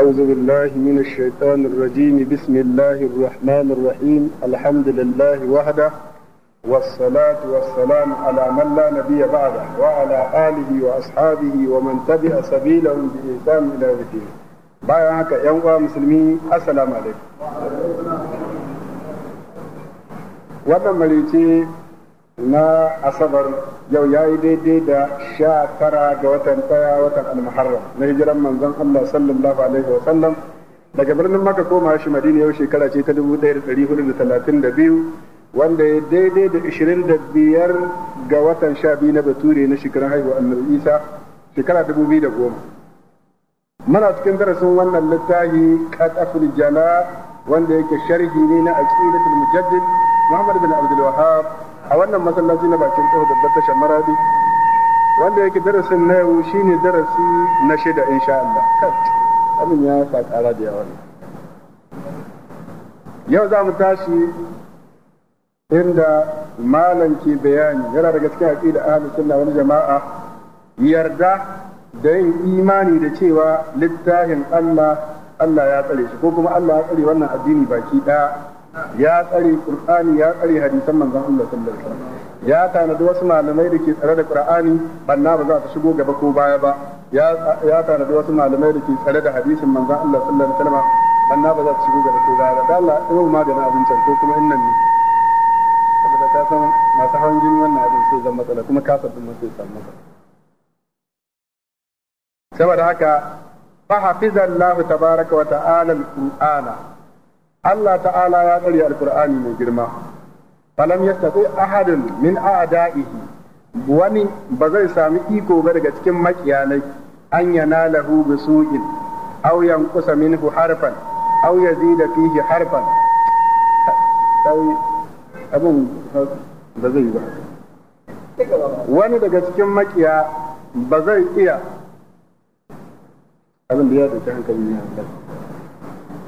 أعوذ بالله من الشيطان الرجيم بسم الله الرحمن الرحيم الحمد لله وحده والصلاة والسلام على من لا نبي بعده وعلى آله وأصحابه ومن تبع سبيلهم بإحسان إلى يوم الدين bayan haka ‘yan uwa musulmi assalamu alaikum wannan marice na asabar yau ya yi daidai da sha tara ga watan ɗaya watan almuharram na hijiran manzon Allah sallallahu alaihi wa sallam daga birnin maka koma shi madina yau shekara ce ta dubu ɗaya da ɗari hudu da talatin da biyu wanda ya daidai da ishirin da biyar ga watan sha biyu na bature na shekarun haihuwa annabi isa shekara dubu biyu da goma muna cikin darasin wannan littafi kataful jana wanda yake sharhi ne na aqidatul mujaddid muhammad bin abdul wahhab a wannan masallaci na bakin tsoho babbar tashar maradi wanda yake darasin na yau shine darasi na shida sha Allah abin ya fa ƙara da yawa yau za mu tashi inda malam ke bayani yana daga cikin da ahli sunna wani jama'a yarda da yin imani da cewa littafin Allah Allah ya tsare shi ko kuma Allah ya tsare wannan addini baki ɗaya ya tsare qur'ani ya tsare hadisan manzon Allah sallallahu alaihi wasallam ya tanadi wasu malamai da ke tsare da qur'ani banna ba za ta shigo gaba ko baya ba ya ya tanadi wasu malamai da ke tsare da hadisin manzon Allah sallallahu alaihi wasallam banna ba za ta shigo gaba ko baya ba Allah da maganin abincin ko kuma innan ne saboda ka san masu hawan jini wannan abin sai zan matsala kuma ka sabbin sai san matsala saboda haka fa hafizallahu tabaraka wa ta'ala al-qur'ana Allah ta'ala ya tsare alkur'ani mai girma falam yattaqi ahadin min a'da'ihi wani ba zai sami iko ba daga cikin makiyanai an yanalahu bisu'in aw yanqusa minhu harfan aw yazida fihi harfan abun ba zai yi ba wani daga cikin makiya ba zai iya abin da ya dauki hankali ne a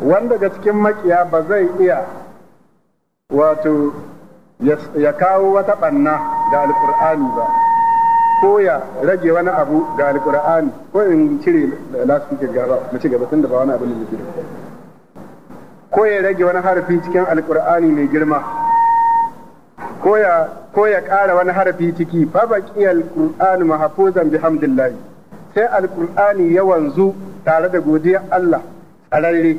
wanda ga cikin makiya ba zai iya wato ya kawo wata ɓanna ga alƙur'ani ba ko ya rage wani abu ga alƙur'ani ko in cire lasfikin gaba mu ci gaba tunda ba wani abu ne da ko ya rage wani harafi cikin alƙur'ani mai girma ko ya ko ya ƙara wani harafi ciki fa baqiyal qur'anu mahfuzan bihamdillah sai alƙur'ani ya wanzu tare da godiyar Allah tsararre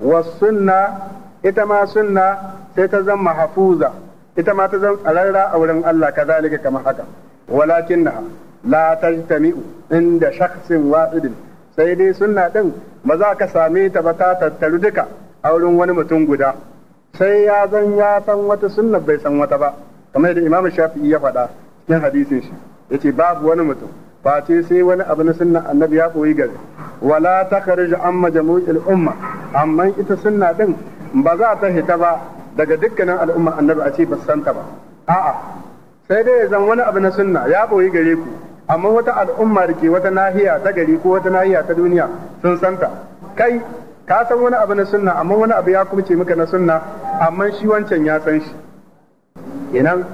wasunna ita ma sunna sai ta zama hafuza ita ma ta zama tsararra a wurin Allah kazalika kamar haka walakinna la tajtami'u inda shakhsin wahidin sai dai sunna din ba za ka same ta ba ta tattaru duka a wurin wani mutum guda sai ya zan ya san wata sunna bai san wata ba kamar da imamu Shafi'i ya faɗa cikin hadisin shi yace babu wani mutum face sai wani abu na sunna annabi ya koyi gare wala takharij amma jamu'il umma amma ita sunna din ba za ta hita ba daga dukkanin al'umma annabi a ce ba san ta ba a'a sai dai zan wani abu na sunna ya koyi gare ku amma wata al'umma da ke wata nahiya ta gari ko wata nahiya ta duniya sun san ta. kai ka san wani abu na sunna amma wani abu ya kumce maka na sunna amma shi wancan ya san shi kenan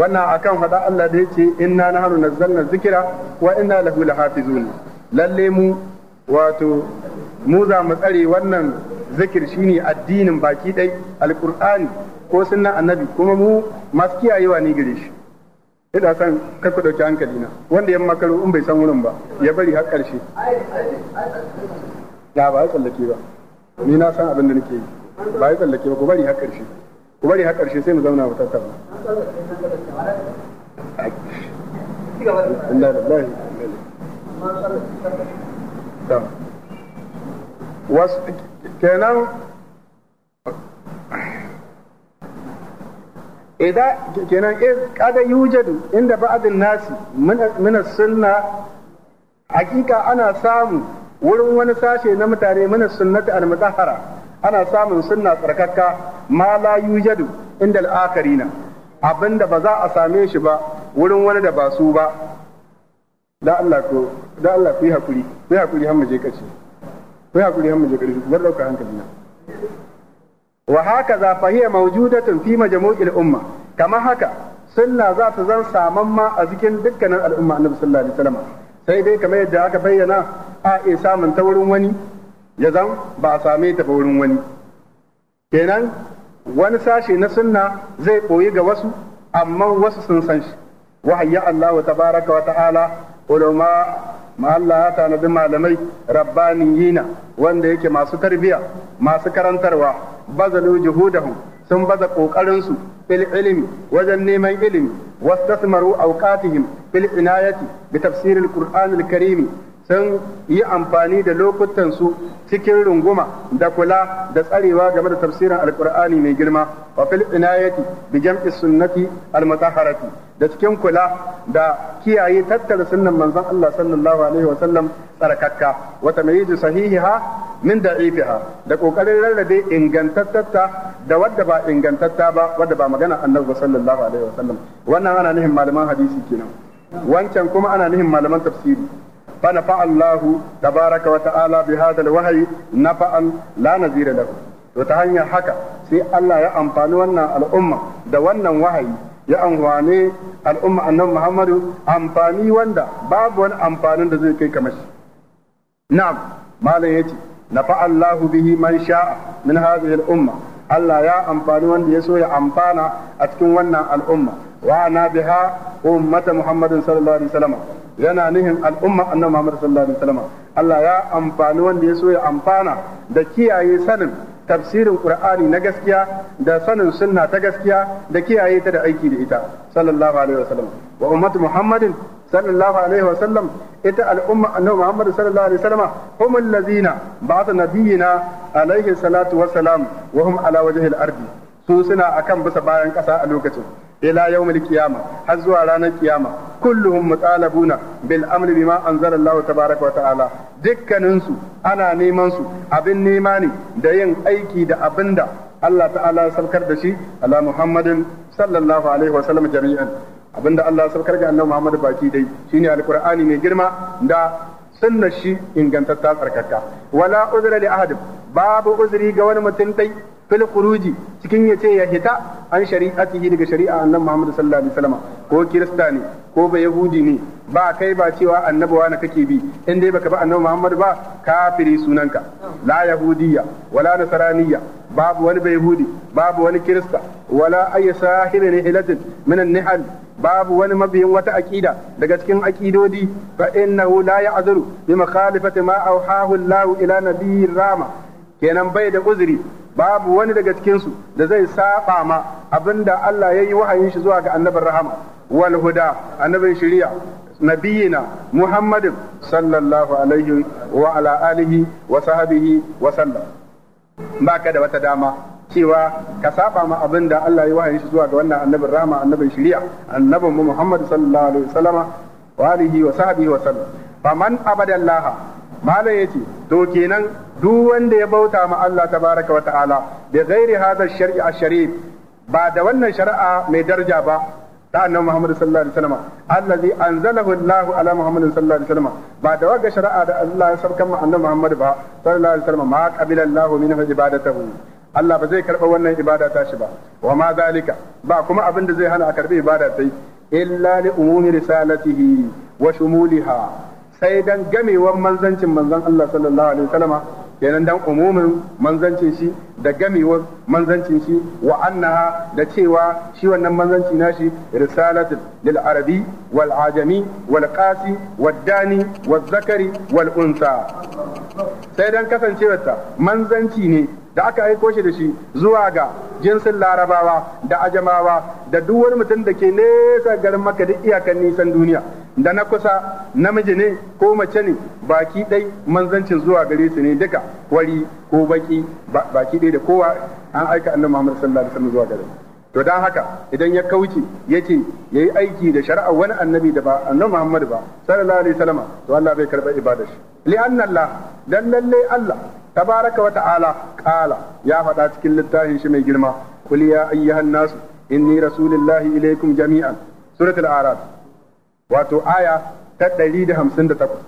wannan akan faɗa Allah da yace inna nahnu nazzalna dhikra wa inna lahu lahafizun lalle mu wato mu za mu tsare wannan zikir shine addinin baki dai alqur'ani ko sunnan annabi kuma mu masu kiyayewa ne gare shi ina son kai ku dauki hankali na wanda yan makaro in bai san wurin ba ya bari har karshe ya ba ya tsallake ba ni na san abin da nake yi ba ya tsallake ba ku bari har karshe ku bari har karshe sai mu zauna mu tattauna wasu kenan idan kenan kada yujadu inda ba'adin nasi minas sunna hakika ana samu wurin wani sashe na mutane minas sunnati al-mutahhara ana samun sunna tsarkakka ma la yujadu inda al'akari na. abin da ba za a same shi ba wurin wani da ba su ba da Allah ko da Allah ku yi hakuri ku yi hakuri har mu je kace ku yi hakuri har mu je kace ku bar dauka hankali na wa haka za fa hiya mawjudatun fi majmu'il umma kama haka sunna za ta zan saman ma a cikin dukkanin al'umma annabi sallallahu alaihi wasallam sai dai kamar yadda aka bayyana a e samun ta wurin wani ya zan ba a same ta ba wurin wani kenan wani sashe na sunna zai koyi ga wasu amma wasu sun san shi wahayya Allah wa tabaraka wa ta'ala ulama ma Allah ya tanadi malamai rabbaniyina wanda yake masu tarbiya masu karantarwa bazalu juhudahum sun baza su fil ilimi wajen neman ilimi wastasmaru awqatihim fil inayati bi tafsiril qur'anil karimi sun yi amfani da lokutan su cikin runguma da kula da tsarewa game da tafsirin alkur'ani mai girma wa fil inayati bi jam'i sunnati al mutahharati da cikin kula da kiyaye tattara sunnan manzon Allah sallallahu alaihi wa sallam tsarakakka wa tamyizu sahihiha min da'ifiha da kokarin rarrabe ingantatta da wadda ba ingantatta ba wadda ba magana annabi sallallahu alaihi wa sallam wannan ana nihin malaman hadisi kenan wancan kuma ana nihin malaman tafsiri فنفع الله تبارك وتعالى بهذا الوحي نفعا لا نظير له to ta hanyar haka sai Allah ya amfani wannan al'umma da wannan wahayi ya amfani al'umma annabi Muhammadu amfani wanda babu wani amfanin da zai kai kamar na'am malam yace nafa Allahu bihi man sha'a min hadhihi al'umma Allah ya amfani wanda ya so ya amfana a cikin wannan al'umma wa ana biha ummata muhammadin sallallahu alaihi wasallam yana nihin al'umma annabi muhammad sallallahu alaihi wasallam Allah ya amfani wanda ya so ya amfana da kiyaye sanin tafsirin qur'ani na gaskiya da sanin sunna ta gaskiya da kiyaye ta da aiki da ita sallallahu alaihi wasallam wa ummatu muhammadin sallallahu alaihi wasallam ita al'umma annabi muhammad sallallahu alaihi wasallam hum allazina ba'atha nabiyyina alaihi salatu wassalam wa hum ala wajhil ardi su suna kan bisa bayan kasa a lokacin ila yawmil qiyama har zuwa ranar kiyama kulluhum mutalabuna bil amri bima anzala Allah tabaaraka wa ta'ala dukkanin ana neman su abin nema ne da yin aiki da abinda Allah ta'ala sarkar da shi ala Muhammadin sallallahu alaihi wa sallam jami'an abinda Allah sarkar ga annabi Muhammad baki dai shine alqur'ani mai girma da sunnar shi ingantatta tsarkaka wala uzra li babu uzri ga wani mutum dai fil khuruji cikin yace ya hita an shari'atihi daga shari'a annabi Muhammad sallallahu alaihi wasallam ko kirista ne ko ba yahudi ne ba kai ba cewa annabi wani kake bi in dai baka ba annabi Muhammad ba kafiri sunanka la yahudiyya wala nasraniyya babu wani ba yahudi babu wani kirista wala ay sahibi nihilatin min an-nihal babu wani mabiyin wata aqida daga cikin aqidodi fa innahu la ya'dhuru bi makhalifati ma awhahu Allah ila nabiyyi rama kenan bai da uzuri babu wani daga cikinsu da zai saba ma abinda Allah ya yi wahayin shi zuwa ga annabin rahama wal huda annabin shari'a nabiyina muhammadin sallallahu alaihi wa ala alihi wa sahbihi wa sallam baka da wata dama cewa ka saba ma abin Allah ya wahayin shi zuwa ga wannan annabin rahama annabin shari'a annabin mu muhammad sallallahu alaihi wa sallama wa alihi wa sahbihi wa sallam faman abadallaha malai yace to kenan duk wanda ya bauta ma Allah tabaraka wa ta'ala bi ghairi hadha shar'i sharif ba da wannan shari'a mai daraja ba da annabi Muhammad sallallahu alaihi wasallam allazi anzalahu Allah ala Muhammad sallallahu alaihi wasallam ba da wagga shari'a da Allah ya sabkan ma annabi Muhammad ba sallallahu alaihi wasallam ma qabila Allah min ibadatahu Allah ba zai karɓa wannan ibada ta shi ba wa ma zalika ba kuma abin da zai hana a karɓi ibada ta illa li umumi risalatihi wa shumuliha sai dan gamewan manzancin manzon Allah sallallahu alaihi wasallama kenan dan umumin manzancin shi da gamewar manzancin shi wa annaha da cewa shi wannan manzanci nashi risalatu lil arabi wal ajami wal qasi wal dani wal zakari wal unsa sai dan kasancewarta manzanci ne da aka aiko shi da shi zuwa ga jinsin larabawa da ajamawa da duk wani mutum da ke nesa garin maka duk iyakan nisan duniya da na kusa namiji ne ko mace ne baki ɗai manzancin zuwa gare su ne duka wari ko baki baki ɗai da kowa an aika annabi Muhammad sallallahu alaihi wasallam zuwa gare su to dan haka idan ya kauce yace yayi aiki da shari'a wani annabi da ba annabi Muhammad ba sallallahu alaihi wasallam to Allah bai karba ibadar shi li anna Allah dan lalle Allah tabaraka wa ta'ala qala ya faɗa cikin littafin shi mai girma kul ya ayyuhan nasu inni rasulullahi ilaikum jami'an suratul araf wato aya ta 158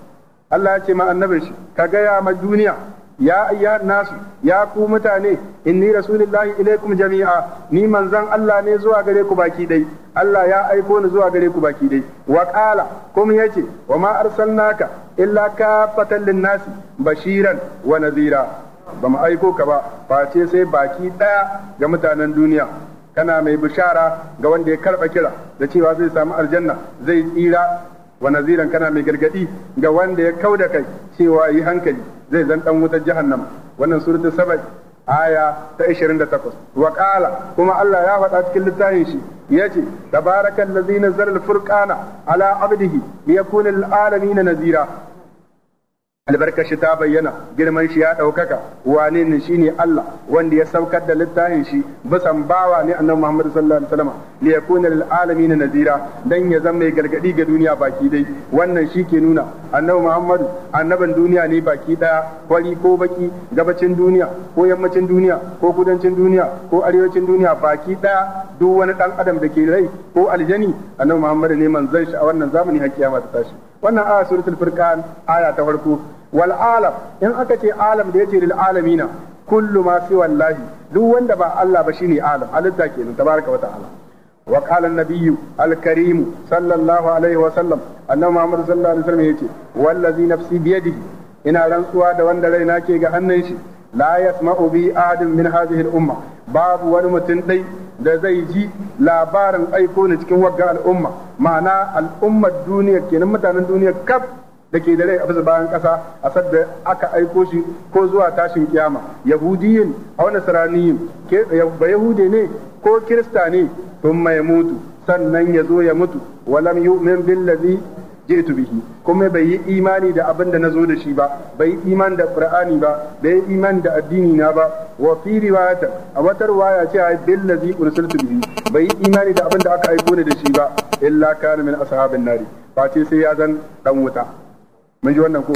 Allah ya ce ma annabin shi ka ga ya ma duniya ya ayya nasu ya ku mutane inni rasulullahi ilaikum jami'a ni manzan Allah ne zuwa gare ku baki dai Allah ya aiko ni zuwa gare ku baki dai wa qala kuma yace wa ma arsalnaka illa kafatan linnasi bashiran wa nadhira ba mu aiko ka ba face sai baki daya ga mutanen duniya kana mai bishara ga wanda ya karba kira da cewa zai samu aljanna zai tsira wa naziran kana mai gargadi ga wanda ya kauda kai cewa yi hankali zai zan dan wutar nan? wannan suratul sabai aya ta 28 wa qala kuma Allah ya faɗa cikin littafin shi yace tabarakal ladzi nazzala al-furqana ala abdihi liyakuna lil alamin nazira albarkashi ta bayyana girman shi ya ɗaukaka wane ne shine Allah wanda ya saukar da littafin shi bisan bawa ne annabi Muhammad sallallahu alaihi wasallam li yakuna lil alamin nazira dan ya zama mai gargadi ga duniya baki dai wannan shi ke nuna annabi Muhammad annaban duniya ne baki daya kwari ko baki gabacin duniya ko yammacin duniya ko kudancin duniya ko arewacin duniya baki daya duk wani dan adam da ke rai ko aljani annabi Muhammad ne manzon shi a wannan zamani har kiyama ta tashi wannan aya suratul furqan aya ta farko wal alam in aka ce alam da yace lil alamina kullu ma fi wallahi duk wanda ba Allah ba shine alam halitta kenan tabaraka wa ta'ala wa qala an-nabiyyu al-karim sallallahu alaihi wa sallam annabi Muhammad sallallahu alaihi wa sallam yace wallazi nafsi biyadihi ina rantsuwa da wanda raina ke ga hannun shi Layat yasma'u bi ahadin min hadhihi al-umma babu wani mutum dai da zai ji labarin aiko ne cikin wagga al'umma ma'ana al'ummar duniya kenan mutanen duniya kaf da ke da rai a bayan ƙasa a sadda aka aiko shi ko zuwa tashin kiyama yahudiyin a wani saraniyin ba yahude ne ko kirista ne tun mai mutu sannan ya zo ya mutu walam yu'min billazi jitu bihi kuma bai yi imani da abin da nazo da shi ba bai yi imani da qur'ani ba bai yi imani da addini na ba wa fi riwayata a wata waya ce ai billazi ursiltu bihi bai yi imani da abin da aka aiko ne da shi ba illa kana min ashabin nari ba ce sai ya zan dan wuta mun ji wannan ko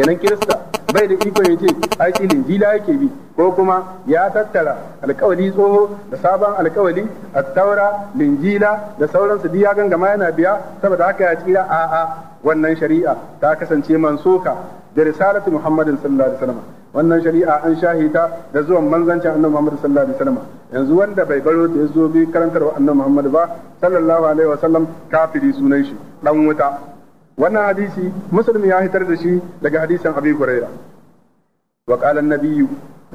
kenan kirista bai da iko ya ce ai shi jila yake bi ko kuma ya tattara alkawali tsoho da sabon alkawali taura linjila da sauransu duk ya gangama yana biya saboda haka ya tsira a a wannan shari'a ta kasance mansuka da risalatu muhammadin sallallahu alaihi wasallam wannan shari'a an shahita da zuwan manzancin annabi muhammad sallallahu alaihi wasallam yanzu wanda bai baro da yazo bi karantar annabi muhammad ba sallallahu alaihi wasallam kafiri sunan shi dan wuta wannan hadisi musulmi ya hitar da shi daga hadisin abi huraira wa qala an-nabiyyu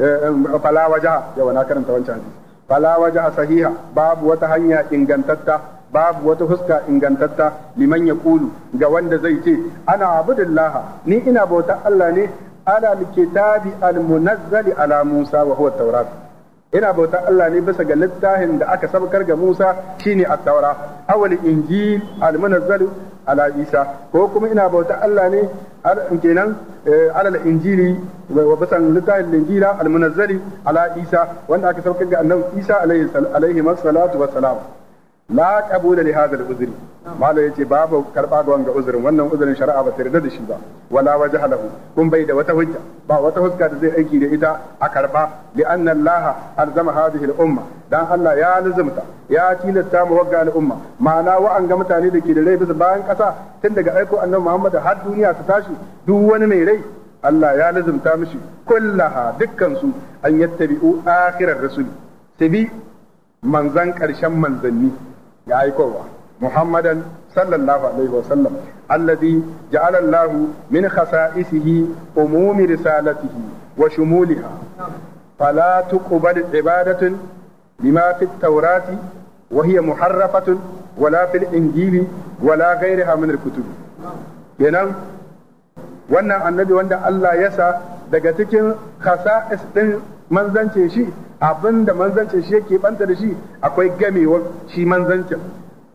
eh, fala wajaha yawa na karanta wancan hadisi fala wajaha sahiha babu wata hanya ingantatta babu wata fuska ingantatta liman ya kulu ga wanda zai ce ana abudullah ni ina bauta Allah ne ala al almunazzali ala Musa wa huwa ina bautar Allah ne bisa ga littafin da aka sabkar ga Musa shine at-taura awal injil al-munazzal ala Isa ko kuma ina bautar Allah ne kenan eh, alal injili wa bisan littafin injila al-munazzal ala Isa wanda aka sabkar ga annabi Isa alaihi salatu wassalam la qabula li hadha al-uzri malo yace babu karba ga wanga wannan uzurin shari'a ba tare da shi ba wala wajha lahu kun bai da wata hujja ba wata hujja da zai aiki da ita a karba li anna allaha alzama hadhihi al-umma dan Allah ya lazumta ya tilasta mu wagga al-umma ma'ana ga mutane da ke da rai bisa bayan kasa tun daga aiko annabi Muhammad har duniya ta tashi duk wani mai rai Allah ya lazumta mishi kullaha dukkan su an yattabi'u akhirar rasuli tabi manzan ƙarshen manzanni ya aikowa محمدا صلى الله عليه وسلم الذي جعل الله من خصائصه عموم رسالته وشمولها فلا تقبل عبادة لما في التوراة وهي محرفة ولا في الإنجيل ولا غيرها من الكتب kenan wannan annabi wanda Allah ya sa daga cikin khasa'is din manzancin shi abin da manzancin shi yake banta da shi akwai gamewar shi manzancin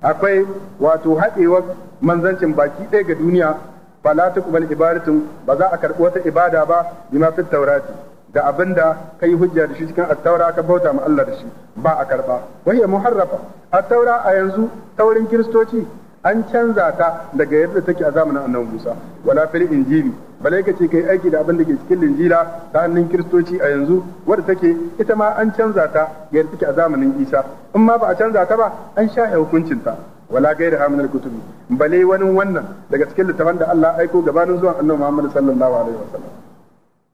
akwai wato haɗewar manzancin baki ɗaya ga duniya fala kuma ibadatun ba za a karɓi wata ibada ba ma fi taurati da abin da ka yi hujja da shi cikin attaura ka bauta ma Allah da shi ba a karɓa wahiya muharrafa attaura a yanzu taurin kiristoci an canza ta daga yadda take a zamanin annabi Musa wala fil injili bale ka ce kai aiki da abin da ke cikin linjila ta hannun kiristoci a yanzu wadda take ita ma an canza ta yadda take a zamanin Isa in ma ba a canza ta ba an sha hukuncin ta wala gairi aminal kutubi bale wani wannan daga cikin littafan da Allah aiko gabanin zuwan annabi Muhammad sallallahu alaihi wasallam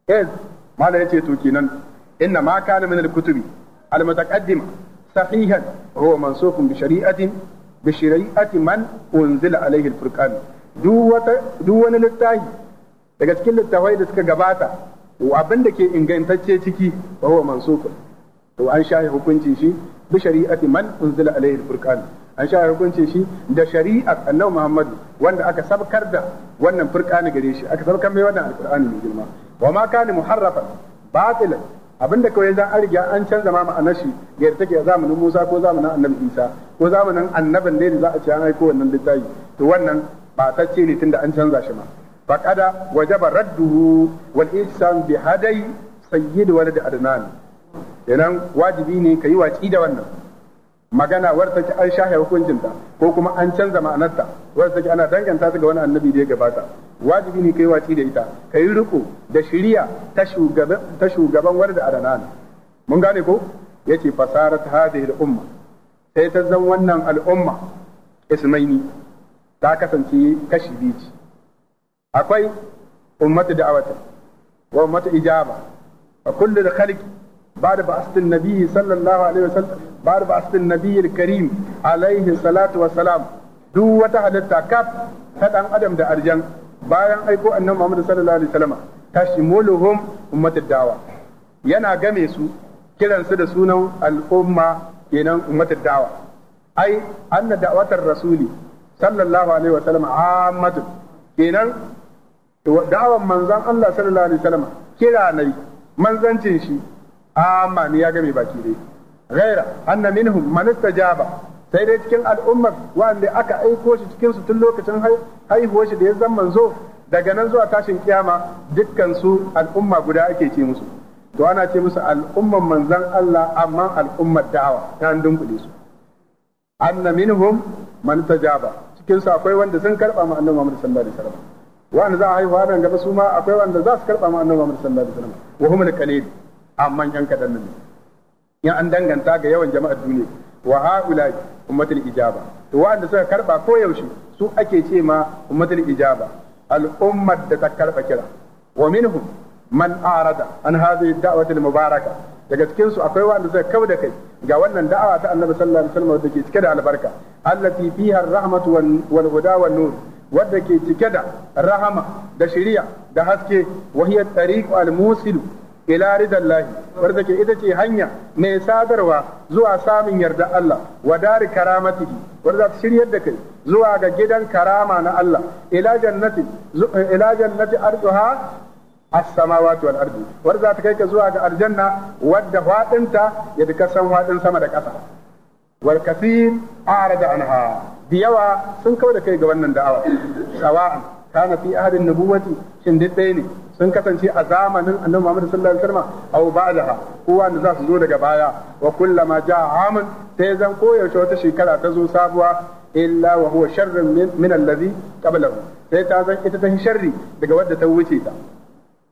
yes malai yace to kenan inna ma kana min al-kutubi al-mutaqaddima sahihan huwa mansukun bi shari'atin bi shari'ati man unzila alaihi alfurqan duk wani littafi daga cikin littafai da suka gabata abin da ke ingantacce ciki wa huwa mansukun to an shahi hukuncin shi bi shari'ati man unzila alaihi alfurqan an shahi hukuncin shi da shari'ar annabi Muhammad wanda aka sabkar da wannan furqani gare shi aka sabkar mai wannan alqur'ani mai girma wa ma kana muharrafan batilan Abin da kawai zan a riga an canza ma ma'anar shi ga take zamanin Musa ko zamanin Annabi Isa ko zamanin annabin ne da za a ce an aiko wannan littafi to wannan ba ta ce ne tun da an canza shi ma faqada wajaba radduhu wal ihsan bi hadai sayyid walad adnan idan wajibi ne ka yi watsi da wannan magana war take an shahe ta, ko kuma an canza ma'anarta war take ana danganta ta ga wani annabi da ya gabata wajibi ne kai waci da ita kai riko da shiriya ta shugaban ta shugaban warda adanan mun gane ko yace fasarat hadhihi al-umma sai ta zan wannan al'umma ismaini ta kasance kashi biyu akwai ummatu da'awata wa ummatu ijaba wa kullu khalqi بعد بعثة النبي صلى الله عليه وسلم بعد بعثة النبي الكريم عليه الصلاة والسلام duk wata halitta kaf ta dan adam da arjan bayan aiko annabi Muhammad sallallahu alaihi wasallam tashmuluhum ummatad dawa yana game su kiransu da sunan al'umma kenan ummatad dawa ai anna da'watar rasuli sallallahu alaihi wasallam ammatu kenan da'awan manzon Allah sallallahu alaihi wasallam kira nai manzancin shi amma ni ya gami baki dai ghaira anna minhum man istajaba sai dai cikin al'ummar wanda aka aiko shi cikin su tun lokacin haihuwar shi da ya zama manzo daga nan zuwa tashin kiyama dukkan su al'umma guda ake ce musu to ana ce musu al'umman manzan Allah amma al'ummar da'awa ta hannun kudi su anna minhum man tajaba cikin su akwai wanda sun karba ma annabi Muhammad sallallahu alaihi wasallam wanda za a haihuwa nan gaba su ma akwai wanda za su karba ma annabi Muhammad sallallahu alaihi wasallam wa humul qalil amman yan kaɗan nan in an danganta ga yawan jama'ar duniya wa haula ummatul ijaba to wanda suka karba ko yaushe su ake ce ma ummatul ijaba al'ummar da ta karba kira wa minhum man arada an hadhihi da'watul mubaraka daga cikin su akwai wanda suka kau da kai ga wannan da'awa ta Annabi sallallahu alaihi wasallam da ke cike da albarka allati fiha ar-rahmatu wal huda wan nur wadda ke cike da rahama da shari'a da haske wa hiya tariqu al-musilu ila ridallahi barzake ita ce hanya mai sadarwa zuwa samun yarda Allah wa dari karamatihi wanda ta shiryar da kai zuwa ga gidan karama na Allah ila jannati eh, ila jannati arduha as-samawati wal ardi wanda ta kai ka zuwa ga aljanna wadda fadinta ya duka san fadin sama da ƙasa wal kathir arada anha da yawa sun kawo da kai ga wannan da'awa sawa'an kana fi ahadin nubuwati shin duk ɗaya ne sun kasance a zamanin annabi Muhammad sallallahu alaihi wasallam aw ba'daha kowa za su zo daga baya wa kullama jaa amun sai zan koyaushe wata shekara ta zo sabuwa illa wa huwa sharrun min allazi sai ta zan ita ta sharri daga wadda ta wuce ta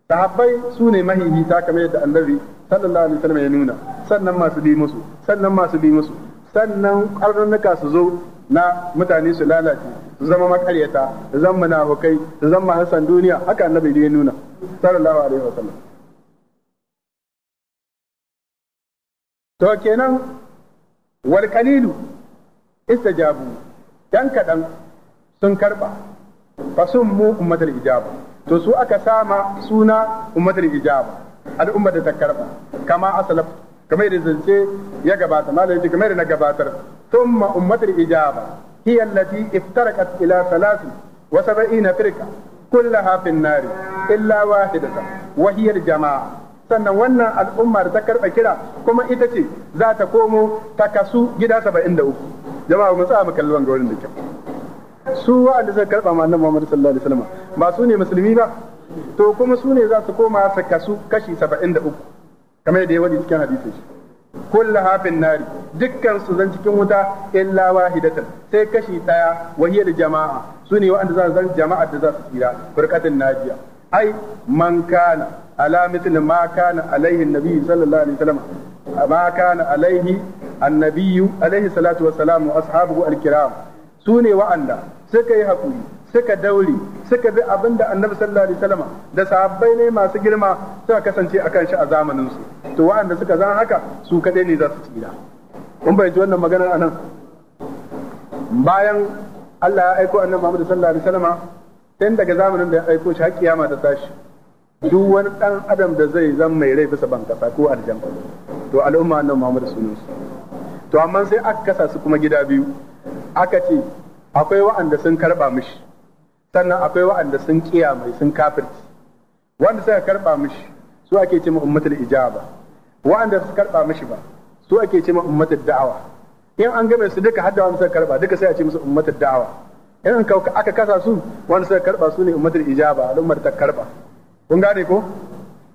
sahabbai sune ne ta kamar yadda annabi sallallahu alaihi wasallam ya nuna sannan masu bi musu sannan masu bi musu sannan ƙarnuka su zo na mutane su lalace su zama makaryata su zama munafukai su zama hasan duniya haka annabi ya nuna sallallahu alaihi wasallam to kenan wal kalilu istajabu dan kadan sun karba fasun mu ummatul ijaba to su aka sama suna ummatul ijaba al'ummar da ta karba kama asalaf kamar da zance ya gabata malai ce kamar na gabatar thumma ummatul ijaba hiya allati iftaraqat ila salasin wa sab'ina firqa kullaha fin nari illa wahidatan wa hiya al-jama'a sannan wannan al'umma da ta karɓa kira kuma ita ce za ta komo ta kasu gida saba'in da uku jama'a mu tsaya mu kalli wanga wurin da kyau su wa'anda suka karɓa ma annabi Muhammad sallallahu alaihi wasallam ba su ne musulmi ba to kuma su ne za su koma su kasu kashi saba'in da uku kamar yadda ya wadi cikin hadisin shi kullu hafin nari dukkan su zan cikin wuta illa wahidatan sai kashi daya da jama'a su ne wa'anda za su zan jama'a da za su tsira furqatin najiya ai man kana ala mithli ma kana alaihi annabi sallallahu alaihi wasallam ma kana alaihi annabi alaihi salatu wassalamu ashabuhu alkiram su ne wa'anda suka yi hakuri suka daure suka bi abin da annabi sallallahu alaihi wasallam da sahabbai ne masu girma suka kasance akan shi a zamanin su to waɗanda suka zan haka su kaɗai ne za su tsira kun bayyanci wannan maganar anan bayan Allah ya aiko annabi Muhammad sallallahu alaihi wasallam tun daga zamanin da ya aiko shi har kiyama ta tashi duk wani dan adam da zai zan mai rai bisa ban kafa ko aljan to al'umma annabi Muhammad sunan su to amma sai aka kasa su kuma gida biyu aka ce akwai wa'anda sun karba mishi sannan akwai wa'anda sun kiya mai sun kafirci wanda suka karba mishi su ake cewa ummatul ijaba wa'anda suka karba mishi ba su ake cewa ummatul da'awa in an game su duka hadda wanda suka karba duka sai a ce musu ummatul da'awa in ka aka kasa su wanda suka karba su ne ummatul ijaba al'ummar ta karba kun gane ko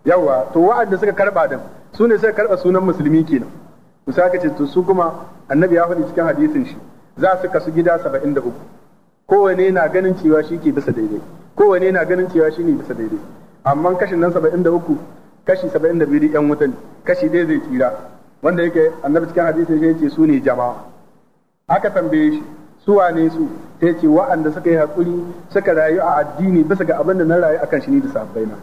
yawa to wa'anda suka karba din su ne suka karba sunan musulmi kenan musa ka ce to su kuma annabi ya faɗi cikin hadisin shi za su kasu gida 73 kowane na ganin cewa shi ke bisa daidai kowane na ganin cewa shi ne bisa daidai amma kashin nan saba'in da uku kashi saba'in da biyu yan wutan kashi ɗaya zai tsira wanda yake annabi cikin hadisi sai ce su ne jama'a aka tambaye shi su wane su sai ce wa'anda suka yi hakuri suka rayu a addini bisa ga abin da na rayu akan shi ne da sabbai na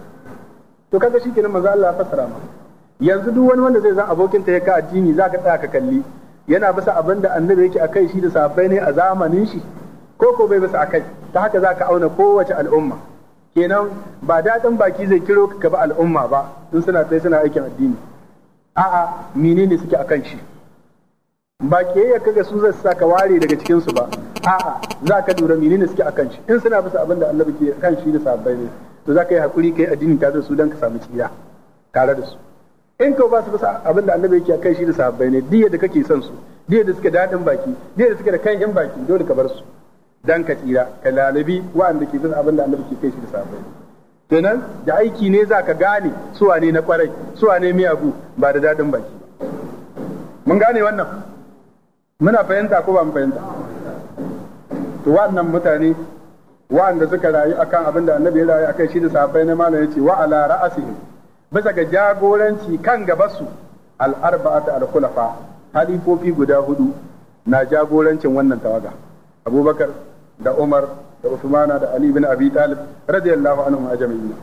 to kaga shi kenan maza Allah ya fassara ma yanzu duk wani wanda zai zan abokin ta ya ka addini za ka tsaya ka kalli yana bisa abin da annabi yake akai shi da sabbai ne a zamanin shi ko ko bai bisa akai ta haka zaka auna kowace al'umma kenan ba daɗin baki zai kiro ka ba al'umma ba in suna kai suna aikin addini a'a menene suke akan shi ba kiyayya kaga su zai saka ware daga cikin su ba a'a za ka lura menene suke akan shi in suna bisa abin da Allah ke kan shi da sabbai ne to za ka yi hakuri kai addini tare da su dan ka samu ciya tare da su in ka ba su bisa abin da Allah yake akan shi da sabbai ne diya da kake son su diya da suke daɗin baki diya da suke da kan yan baki dole ka bar su dan ka tsira ka lalabi wa'anda ke bin abin da annabi ke kai shi da sabai kenan da aiki ne za ka gane suwa ne na kwarai suwa ne miyagu ba da dadin baki mun gane wannan muna fahimta ko ba mu fahimta to wannan mutane wa'anda suka rayu akan abin da annabi ya rayu akan shi da sabai na malam yace wa ala ra'asihim bisa ga jagoranci kan gaba su al-arba'atu al-khulafa halifofi guda hudu na jagorancin wannan tawaga abubakar da Umar da Usmana da Ali bin Abi Talib radiyallahu anhum ajma'in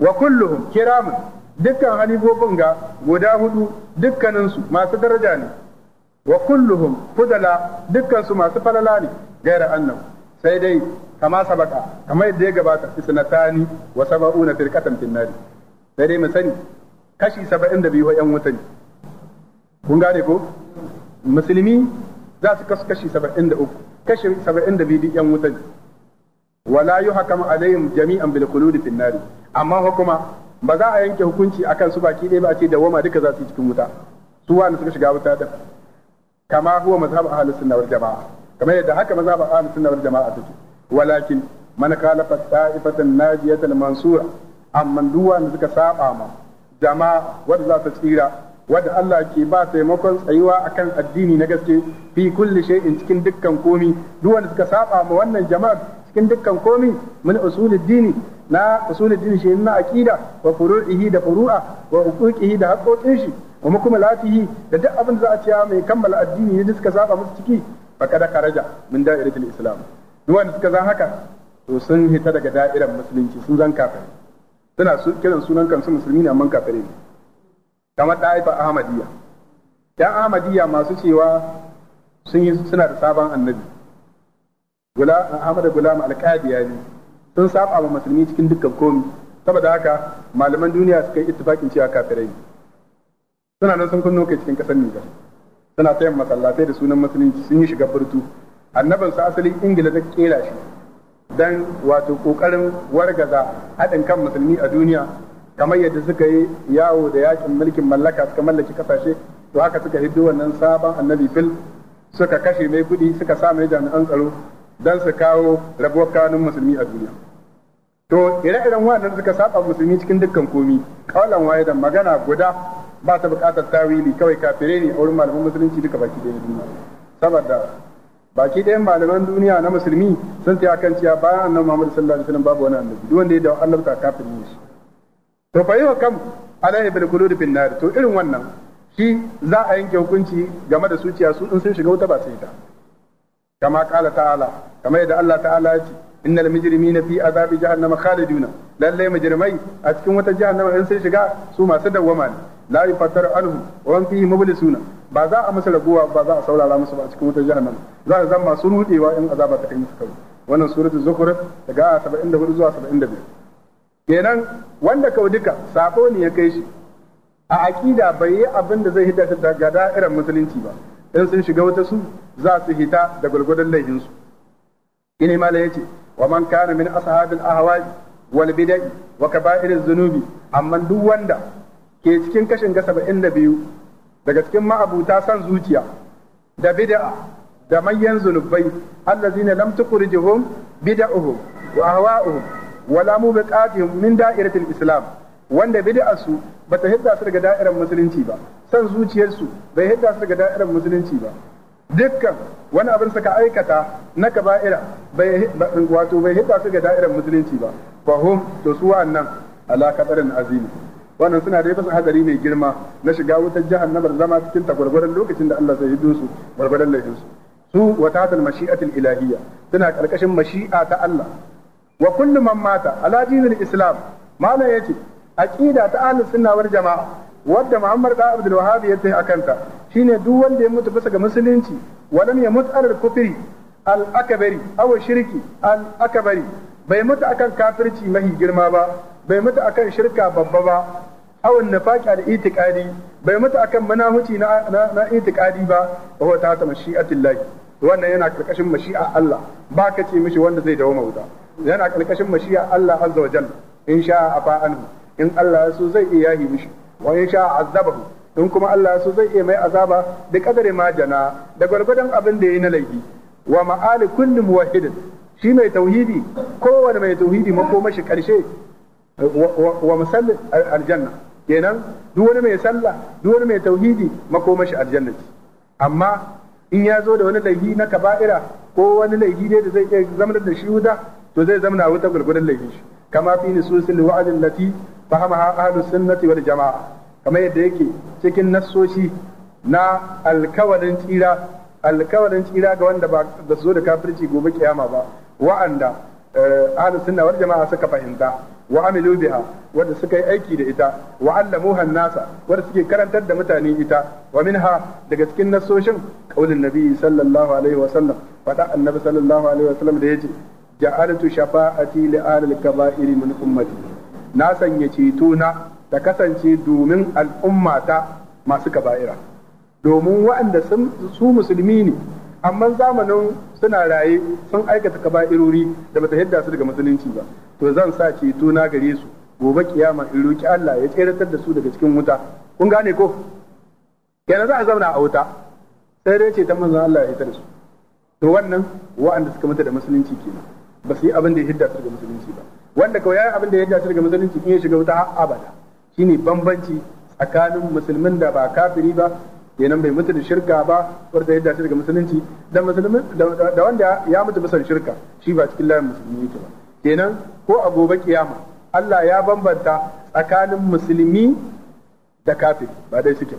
wa kulluhum kiramun dukkan halifofin ga guda hudu dukkaninsu masu daraja ne wa kulluhum fudala dukkansu masu falala ne gaira annahu sai dai kama sabaka kamar yadda ya gabata isnatani wa sab'una firqatan finnari sai dai mu sani kashi 72 wa yan wuta ne kun gane ko musulmi za su kasu kashi 73 kashin 72 duk yan wuta ne wala yuhakam alaihim jami'an bil khulud fin nar amma hukuma ba za a yanke hukunci akan su baki ɗaya ba a ce da dawama duka za su yi cikin wuta su wanda suka shiga wuta da kama huwa mazhab ahlus sunna wal jamaa kamar yadda haka mazhab ahlus sunna wal jamaa take walakin man khalafa ta'ifatan najiyatan mansura amma duk wanda suka saba ma jama'a wanda za ta tsira wadda Allah ke ba taimakon tsayuwa akan addini na gaske fi kulli shay'in cikin dukkan komi duk wanda suka saba ma wannan jama'ar cikin dukkan komi min usulid dini na usulid dini shi na aqida wa furu'ihi da furu'a wa uquqihi da haqqoqin shi wa mukmalatihi da duk abin da za a ciya mai kammala addini ne suka saba musu ciki faqad kharaja min da'iratil islam duk wanda suka zan haka to sun hita daga da'irar musulunci sun zan kafiri suna kiran sunan kansu musulmi ne amma kafiri ne kamar ɗaifar ahmadiyya ɗan ahmadiyya masu cewa sun yi suna da sabon annabi gula ahmad gulam alqadiya ne sun saba wa musulmi cikin dukkan komi saboda haka malaman duniya suka yi ittifakin cewa kafirai ne suna nan sun kunno kai cikin ƙasar Nijar suna yin masallatai da sunan musulunci sun yi shiga burtu annabin su asalin ingila ta kera shi dan wato kokarin wargaza haɗin kan musulmi a duniya kamar yadda suka yi yawo da yakin mulkin mallaka suka mallaki kasashe to haka suka hiddo wannan sabon annabi fil suka kashe mai kuɗi suka sa mai jami'an tsaro don su kawo rabuwar kanun musulmi a duniya to ire-iren waɗannan suka saba musulmi cikin dukkan komi kaulan waye da magana guda ba ta buƙatar tawili kawai kafire ne a wurin malaman musulunci duka baki ɗaya duniya saboda baki ɗayan malaman duniya na musulmi sun tsaya kan cewa bayan annabi Muhammad sallallahu alaihi wasallam babu wani annabi duk wanda ya da Allah ta kafin ne shi to fa yau kam alaihi bil qulud bin nar to irin wannan shi za a yanke hukunci game da suciya su in sun shiga wuta ba sai ta kama kala ta'ala kama yadda Allah ta'ala ya ce innal mujrimina fi azabi jahannama khaliduna lalle mujrimai a cikin wata jahannama in sun shiga su masu dawwama ne la yufattaru anhum wa hum fihi mublisuna ba za a musu raguwa ba za a saurara musu ba a cikin wata jahannama za a zama masu rudewa in azaba ta kai musu kawai wannan suratul zukhruf daga 74 zuwa 75 kenan wanda kauduka duka sako ne ya kai shi a aƙida bai yi abin da zai hita daga da'irar musulunci ba in sun shiga wata su za su hita da gwargwadon laifinsu ma ya ce wa man kana min ashabil Ahawai wal bid'i wa kaba'ir zunubi amma duk wanda ke cikin kashin ga 72 daga cikin ma'abuta san zuciya da bid'a da manyan zunubai allazina lam tuqrijuhum bid'uhum wa ahwa'uhum wala mu biqatihim min da'iratil islam wanda bid'a su bata hidda su daga da'irar musulunci ba san zuciyarsu bai hidda su daga da'irar musulunci ba dukkan wani abin suka aikata na kaba'ira bai wato bai hidda su daga da'irar musulunci ba fa hum to su wannan ala wannan suna da fasa hadari mai girma na shiga wutar jahannabar zama cikin ta lokacin da Allah zai hido su gwargwaron laifin su su wata mashi'atul ilahiyya suna karkashin mashi'a ta Allah wa kullu man mata ala dinil islam malam yace aqida ta ahlus sunna wal jamaa wadda Muhammad da Abdul Wahhab ya kanta akanta shine duk wanda ya mutu bisa ga musulunci walam ya mutu alal kufri al akbari aw shirki al akbari bai mutu akan kafirci mahi girma ba bai mutu akan shirka babba ba aw nifaqi al itiqadi bai mutu akan munafici na na itiqadi ba wa huwa ta mashi'atillah wannan yana karkashin mashi'a Allah ba ka ce mishi wanda zai dawo mauta yana ƙarƙashin mashiya Allah azza wa jalla in sha a fa'an in Allah ya so zai iya yi mishi wa in sha azabahu in kuma Allah ya so zai iya mai azaba da kadari ma jana da gwargwadon abin da yayi na laifi wa ma'ali wa muwahhidin shi mai tauhidi kowane mai tauhidi mashi karshe wa musallin aljanna kenan duk wani mai sallah duk wani mai tauhidi mashi aljanna amma in ya zo da wani laifi na kaba'ira ko wani laifi dai da zai iya zamanar da shi wuta to zai zama na wuta gurgurdan laifin shi kama fi nususil wa'adin lati fahamaha ahlus sunnati wal jama'a Kama yadda yake cikin nassoshi na alkawalin tsira alkawalin tsira ga wanda ba da zo da kafirci gobe kiyama ba wa'anda eh, ahlus sunna wal jama'a suka fahimta wa amilu biha wanda suka yi aiki da ita wa allamuha nasa wanda suke karantar da mutane ita wa minha daga cikin nasoshin qaulin nabi sallallahu alaihi wa sallam fada annabi sallallahu alaihi wa sallam da yace ja'altu shafa'ati li alil kaba'ir min ummati na sanya ceto na ta kasance domin al'ummata masu kaba'ira domin waɗanda su musulmi ne amma zamanin suna raye sun aikata kaba'irori da bata yadda su daga musulunci ba to zan sa ceto na gare su gobe kiyama in roki Allah ya tseratar da su daga cikin wuta kun gane ko kenan za a zauna a wuta sai dai ce ta manzon Allah ya tsare su to wannan wa'anda suka mutu da musulunci kenan ba su yi abin da ya hidda su daga musulunci ba wanda kawai yi abin da ya hidda su daga musulunci in ya shiga wuta abada shine bambanci tsakanin musulmin da ba kafiri ba kenan bai mutu da shirka ba wanda ya hidda su daga musulunci da musulmin da wanda ya mutu bisan shirka shi ba cikin layin musulmi yake ba kenan ko a gobe kiyama Allah ya bambanta tsakanin musulmi da kafiri ba dai suke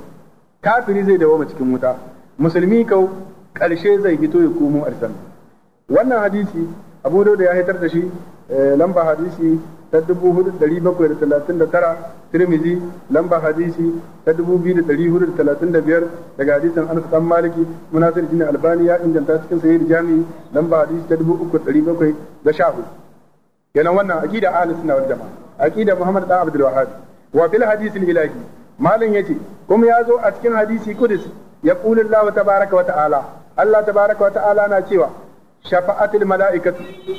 kafiri zai dawo cikin wuta musulmi kau ƙarshe zai fito ya komo aljanna wannan hadisi abu da ya hitar da shi eh, lamba hadisi ta 4739 tirmizi lamba hadisi ta 2435 daga hadisin anas dan maliki munasir jini albani ya inganta cikin sahih jami'i lamba hadisi ta 3700 da shahu kenan wannan aqida ahlus sunna wal jamaa aqida muhammad dan abdul wahhab wa fil hadisi al ilahi malam yace kuma ya zo a cikin hadisi kudus ya qulu allah tabaaraka wa ta'ala allah tabaaraka wa ta'ala na cewa شفاعة الملائكة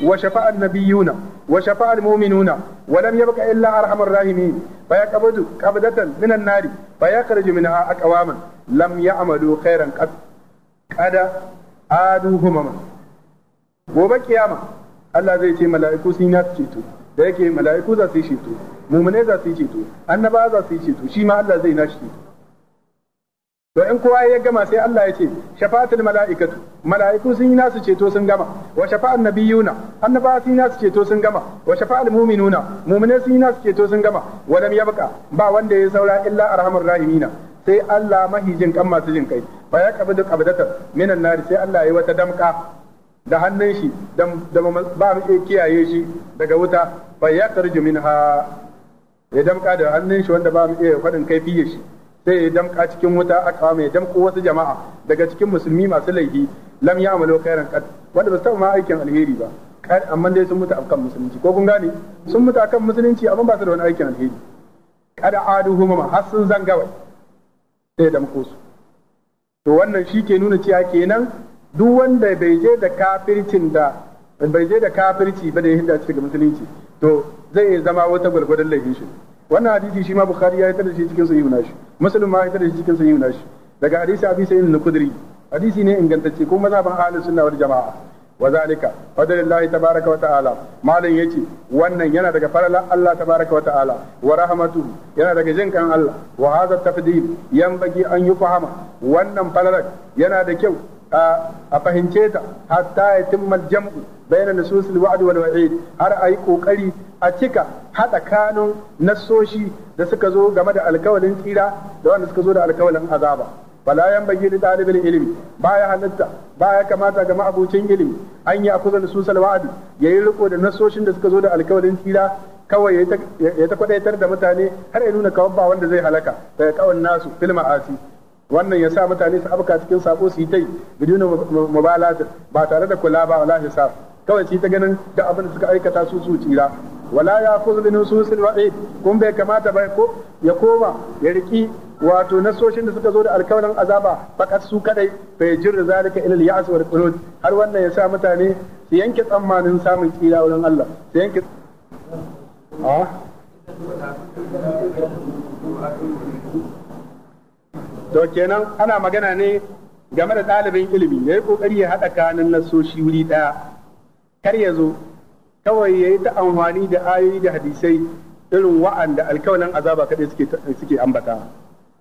وشفاع النبيون وشفاع المؤمنون ولم يبق إلا أرحم الراحمين فيقبض قبضة من النار فيخرج منها أقواما لم يعملوا خيرا قد قد آدوا همما gobe kiyama Allah zai ce mala'iku sun ya ceto da yake mala'iku za su yi ceto mumune za su yi ceto annaba za su yi ceto shi ma Allah zai nashi ceto to in kowa ya gama sai Allah ya ce shafa'atul mala'ikatu mala'iku sun yi nasu ceto sun gama wa shafa'an nabiyuna annabawa sun yi nasu ceto sun gama wa shafa'al mu'minuna mu'minai sun yi nasu ceto sun gama wa lam yabqa ba wanda ya saura illa arhamur rahimina sai Allah mahijin kan masu jin kai fa ya duk abdatar minan nar sai Allah ya wata damka da hannun shi da ba mu kiyaye shi daga wuta fa ya tarju minha ya damka da hannun shi wanda ba mu iya faɗin kai fiye shi sai ya damka cikin wuta a kama ya damko wasu jama'a daga cikin musulmi masu laifi lam ya amalo ran kat wanda ba su taɓa ma aikin alheri ba amma dai sun mutu akan musulunci ko kun gane sun mutu akan musulunci amma ba su da wani aikin alheri kada aduhu ma har sun wai sai damko su to wannan shi ke nuna cewa kenan duk wanda bai je da kafircin da bai je da kafirci ba da ya hinda cikin musulunci to zai zama wata gwargwadon laifin shi wannan hadisi shi ma bukhari ya fitar da shi cikin sahihu nashi muslim ma ya fitar shi cikin sahihu nashi daga hadisi abi sayyid al-khudri hadisi ne ingantacce ko mazhaban ahlus sunna wal jamaa wa zalika fadlillahi tabaaraka wa ta'ala malam yace wannan yana daga farala Allah tabaaraka wa ta'ala wa rahmatuhu yana daga jin kan Allah wa hadha tafdil yanbaghi an fahama wannan falalar yana da kyau a fahimce ta hatta yatimma jam'u bayna nusus al-wa'd wal wa'id har ayi kokari a cika hada kanun nassoshi da suka zo game da alkawalin tsira da wanda suka zo da alkawalin azaba fala yan bayyi li talibil ilmi baya halatta baya kamata ga ma'abucin ilimi an yi akuza nusus al-wa'd yayi riko da nassoshin da suka zo da alkawalin tsira kawai ya ta kwadaitar da mutane har ya nuna kawai ba wanda zai halaka daga kawai nasu fil ma'asi wannan ya sa mutane su abuka cikin sako su yi tai biduna mubalatin ba tare da kula ba wala hisab kawai shi ta ganin da abin da suka aikata su su tsira wala ya kuzu bi nususil wa'id kun bai kamata ba ko ya koma ya riki wato nasoshin da suka zo da alkawarin azaba fakat su kadai bai jirra zalika ilal ya'as wal qulud har wannan ya sa mutane su yanke tsammanin samun tsira wurin Allah su yanke a ah? to kenan ana magana ne game da ɗalibin ilimi ya yi ƙoƙari ya haɗa kanin nasoshi wuri ɗaya kar ya zo kawai ya yi ta amfani da ayoyi da hadisai irin wa'anda alkawalin azaba kaɗai suke ambata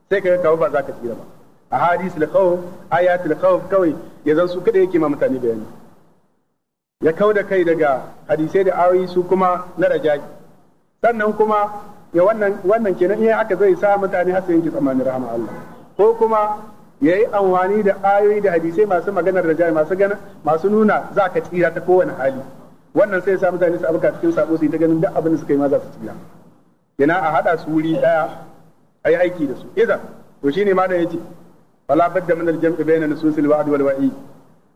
sai ka kawo ba za ka tsira ba a hadis da khawf ayat da kawai ya zan su kaɗai yake ma mutane bayani ya kawo da kai daga hadisai da ayoyi su kuma na rajaji sannan kuma ya wannan kenan in aka zai sa mutane hasa su yanke tsammanin rahama Allah ko kuma ya yi amfani da ayoyi da hadisai masu maganar da jari masu gana masu nuna za ka tsira ta kowane hali wannan sai sa mutane su abuka cikin sabo su ta ganin duk abin da suka yi ma za su tsira yana a hada su wuri daya a yi aiki da su idan to shine ma da yace wala badda min al-jam'i bayna nusus al-wa'd wal wa'i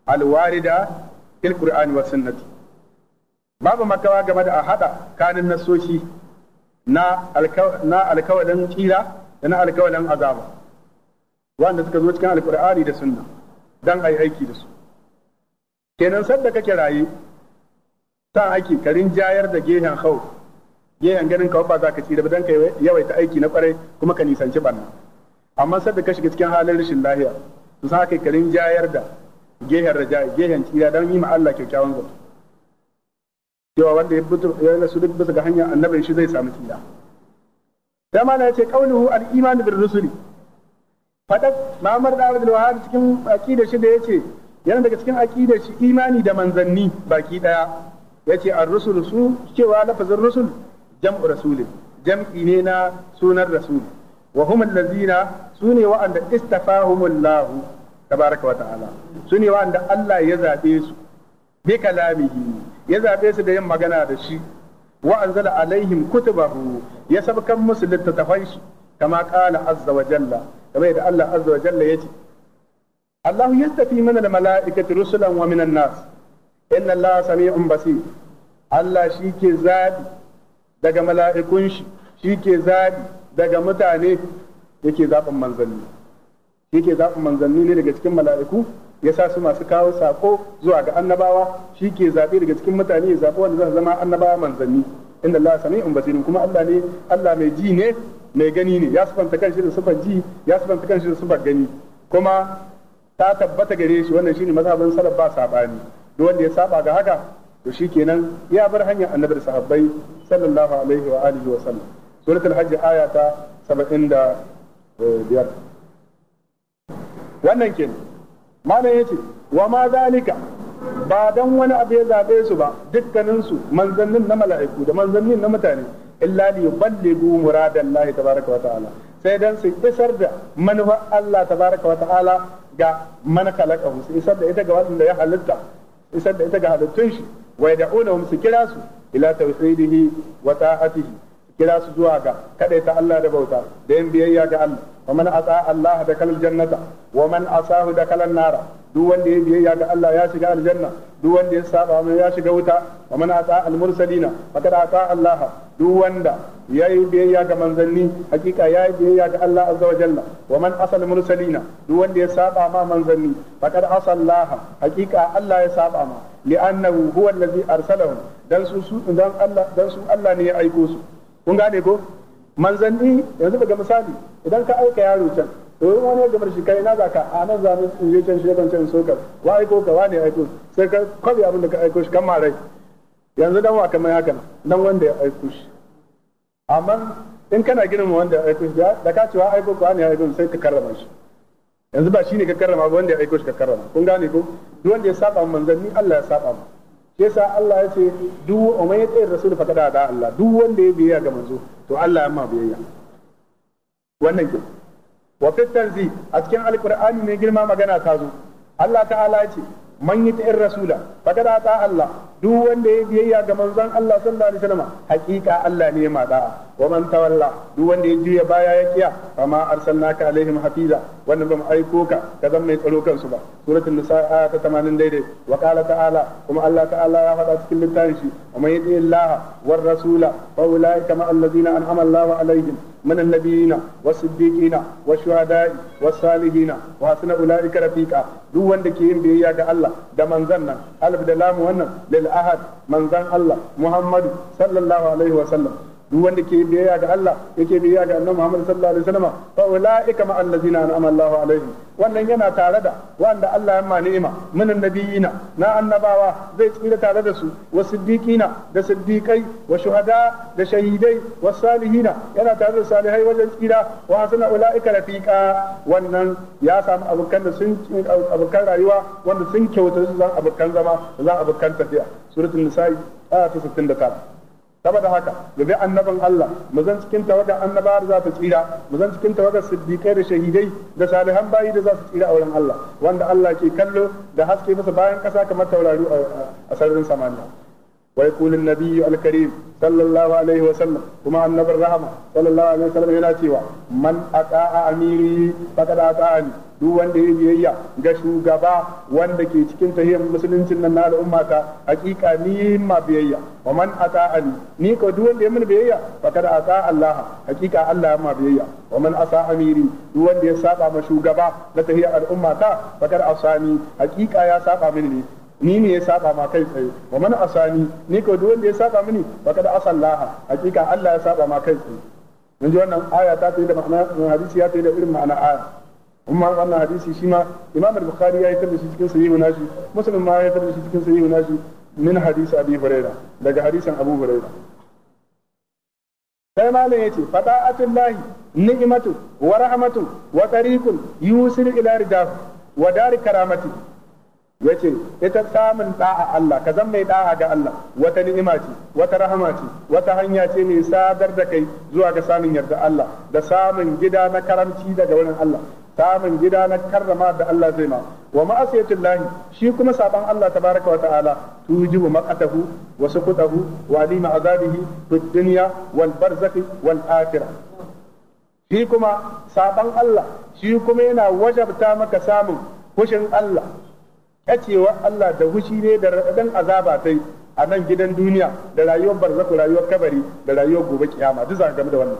al-warida fil qur'ani was sunnati babu makawa game da a hada kanin nasoshi na alkawarin tsira da na alkawarin azaba wanda suka zo cikin alkur'ani da sunna dan ai aiki da su kenan sanda kake raye sa aiki karin jayar da gehen hau gehen ganin ka ba za ka tsira ba dan ka yawaita aiki na kwarai kuma ka nisanci banna amma sanda ka shiga cikin halin rashin lahiya su sa kai karin jayar da gehen raja gehen tsira dan yi ma Allah kyakkyawan zato cewa wanda ya butu ya rasu duk bisa ga hanyar annabi shi zai samu tsira ma na ce qauluhu al-iman bil rusuli fadar mamar da Abdul Wahab cikin da shi da yace yana daga cikin da shi imani da manzanni baki daya yace ar-rusul su cewa lafazin rusul jam'u rasul jam'i ne na sunan rasul wa hum allazina sune wa'anda istafahumullahu tabaraka wa ta'ala ne wa'anda Allah ya zabe su bi kalamihi ya zabe su da yin magana da shi wa anzala alaihim kutubahu ya sabkan musu littattafan shi kama qala azza wa jalla kamar yadda Allah azza wa jalla yace Allah yastafi min al-mala'ikati rusulan wa min nas inna Allah sami'un basir Allah shi ke zaɓi daga mala'ikun shi shi ke zaɓi daga mutane yake zaɓin manzanni shi ke zaɓin manzanni ne daga cikin mala'iku ya sa su masu kawo sako zuwa ga annabawa shi ke zaɓe daga cikin mutane ya zaɓi wanda zan zama annabawa manzanni inna Allah sami'un basirun kuma Allah ne Allah mai ji ne mai gani ne ya sufanta kanshi da sufan ji ya sufanta kanshi da sufan gani kuma ta tabbata gare shi wannan shine mazhabin salaf ba sabani duk wanda ya saba ga haka to shikenan ya bar hanyar annabi da sahabbai sallallahu alaihi wa alihi wa sallam suratul hajj aya 75 eh, wannan kenan malam yace wa ma zalika ba dan wani abu ya zaɓe su ba dukkanin su manzannin na mala'iku da manzannin na mutane illa li yuballighu muradallahi tabaaraka wa ta'ala sai dan su isar da manufa Allah tabaaraka wa ta'ala ga man khalaqahu su isar da ita ga wanda ya halitta isar da ita ga halittun shi wa yad'unahum su kira su ila tawhidihi wa ta'atihi kira su zuwa ga ta Allah da bauta da yin biyayya ga Allah wa man asa Allah da kalal jannata wa man asahu da kalal nara duk wanda ya biyayya ga Allah ya shiga aljanna duk wanda ya saba mai ya shiga wuta wa man ata al mursalina faqad ata Allah duk wanda ya yi biyayya ga manzanni hakika ya yi biyayya ga Allah azza wa jalla wa man asal mursalina duk wanda ya saba ma manzanni faqad asa Allah hakika Allah ya saba ma li'annahu huwa allazi arsalahum dan su su dan Allah dan su Allah ne ya aiko su kun gane ko manzanni yanzu daga misali idan ka aika yaro can to in wani ya gamar shi kai na za ka a nan za mu yi can shi kan can so ka wa aiko ka wa ne aiko sai ka kwabi abin da ka aiko shi kan rai yanzu dan wa kamar haka nan wanda ya aiko shi amma in kana ginin wanda ya aiko shi da ka cewa aiko ka wa ne aiko sai ka karrama shi yanzu ba shine ka karrama ba wanda ya aiko shi ka karrama kun gane ko duk wanda ya saba manzanni Allah ya saba mu yasa Allah ya ce duk umma ya da rasul fa kada da Allah duk wanda ya biya ga manzo to Allah ya ma biyayya wannan kenan wa fi tanzih a cikin alkur'ani mai girma magana ta zo Allah ta'ala ce man yi ta'in rasula faqad ta Allah duk wanda ya biyayya ga manzon Allah sallallahu alaihi wasallam haqiqa Allah ne ma da'a wa man tawalla duk wanda ya juya baya ya kiya fa ma arsalnaka alaihim hafiza wanda ba mu aiko ka ka zan mai tsaro kansu ba suratul nisa aya ta 80 daidai wa qala ta'ala kuma Allah ta'ala ya faɗa cikin littafin shi wa man yati Allah war rasula fa ulaika ma allazina an'ama Allahu alaihim من النبيين والصديقين والشهداء wasu وحسن اولئك رفيقا duk wanda ke yin biyayya ga Allah da manzan nan alif da lamu wannan lil ahad manzan Allah Muhammadu sallallahu alaihi wa sallam duk wanda ke biyayya ga Allah yake biyayya ga Annabi Muhammad sallallahu alaihi wasallam fa ulaika ma allazina an'ama Allahu alaihim wannan yana tare da wanda Allah ya ma ni'ima min annabiyina na annabawa zai tsira tare da su wa siddiqina da siddiqai wa shuhada da shahidai wa salihina yana tare da salihai wajen tsira wa hasana ulaika rafiqa wannan ya samu abokan da sun rayuwa wanda sun kyauta su zan abokan zama zan abokan tafiya suratul nisa'i ayat 69 saboda haka gabe annabin Allah mu zan cikin tawaga annabawa za ta tsira mu zan cikin tawagar siddiqai da shahidai da salihan bayi da za su tsira a wurin Allah wanda Allah ke kallo da haske masa bayan kasa kamar taurari a sararin samaniya ويقول النبي الكريم صلى الله عليه وسلم كما أن الرحمة صلى الله عليه وسلم هنا تيوا من أطاع أميري فقد أطاعني duk wanda ya biyayya ga shugaba wanda ke cikin tahiyar musuluncin nan na al'umma ta hakika ni ma biyayya wa man ata'ani ni ko duk wanda ya mun biyayya fa kada ata Allah hakika Allah ya ma biyayya wa man asa amiri duk wanda ya saba ma shugaba na tahiyar al'umma ta fa kada ya saba mini ne ni ne ya saba ma kai tsaye wa man asani ni ko duk wanda ya saba mini faqad asallaha hakika Allah ya saba ma kai tsaye mun ji wannan aya ta yi da ma'ana hadisi ya ta yi da irin ma'ana aya amma wannan hadisi shi ma Imam al-Bukhari ya yi tabbaci shi cikin sahihu nashi Muslim ma ya tabbaci shi cikin sahihu nashi min hadisi Abi Hurairah daga hadisin Abu Hurairah sai malam yace fata'atullahi ni'matu wa rahmatu wa tariqun yusil ila ridah wa dar karamati ce ita samun da'a Allah ka mai da'a ga Allah wata ni'ima ce wata rahama ce wata hanya ce mai sadar da kai zuwa ga samun yarda Allah da samun gida na karamci daga wurin Allah samun gida na karrama da Allah zai ma wa ma'asiyatul lahi shi kuma saban Allah tabaraka wa ta'ala tujibu maqatahu wa suqutahu wa lima azabihi fid dunya wal barzakhi wal akhirah shi kuma saban Allah shi kuma yana wajabta maka samun fushin Allah kacewa Allah da hushi ne da raɗaɗin azaba yi a nan gidan duniya da rayuwar barzaku rayuwar kabari da rayuwar gobe kiyama duk za game da wannan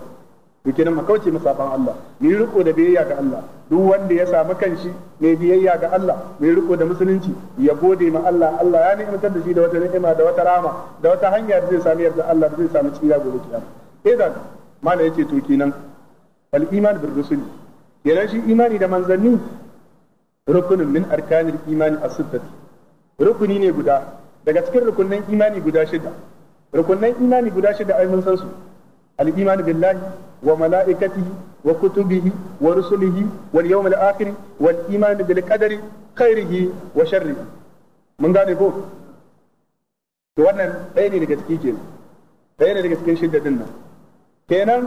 to kenan mu kauce Allah mu riko da biyayya ga Allah duk wanda ya samu kanshi mai biyayya ga Allah mai riko da musulunci ya gode ma Allah Allah ya ni'imtar da shi da wata ni'ima da wata rama da wata hanya da zai sami yarda Allah da zai sami tsira gobe kiyama idan mana yace to kenan al iman bir rusul kenan shi imani da manzanni rukunin min arkanin imani a sittati rukuni ne guda daga cikin rukunin imani guda shida rukunin imani guda shida ai mun san su al-imani billahi wa mala'ikatihi wa kutubihi wa rusulihi wal yawmil akhir wal imani bil qadari khairihi wa sharrihi mun gane ko to wannan ɗaya ne daga cikin kenan ɗaya ne daga cikin shidda nan kenan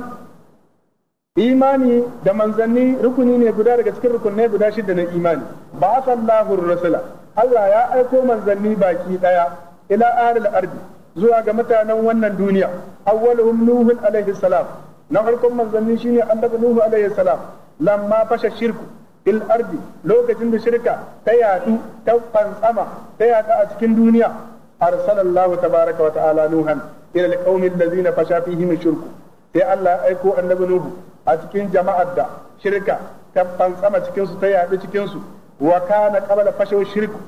imani da manzanni rukuni ne guda daga cikin rukunai guda shida na imani ba sallahu rasula Allah ya aiko manzanni baki daya ila aril ardi zuwa ga mutanen wannan duniya awwaluhum Nuhu alaihi salam na farkon manzanni shine annabi nuhu alaihi salam lamma fasha shirku fil ardi lokacin da shirka ta yadu ta fantsama ta yadu a cikin duniya arsalallahu tabaraka wa ta'ala nuhan ila alqaumi allazina fasha fihim shirku sai Allah ya aiko annabi Nuhu a cikin jama'ar da shirka ta fantsama cikin su ta yaɗu cikin su wa kana qabla fashau shirku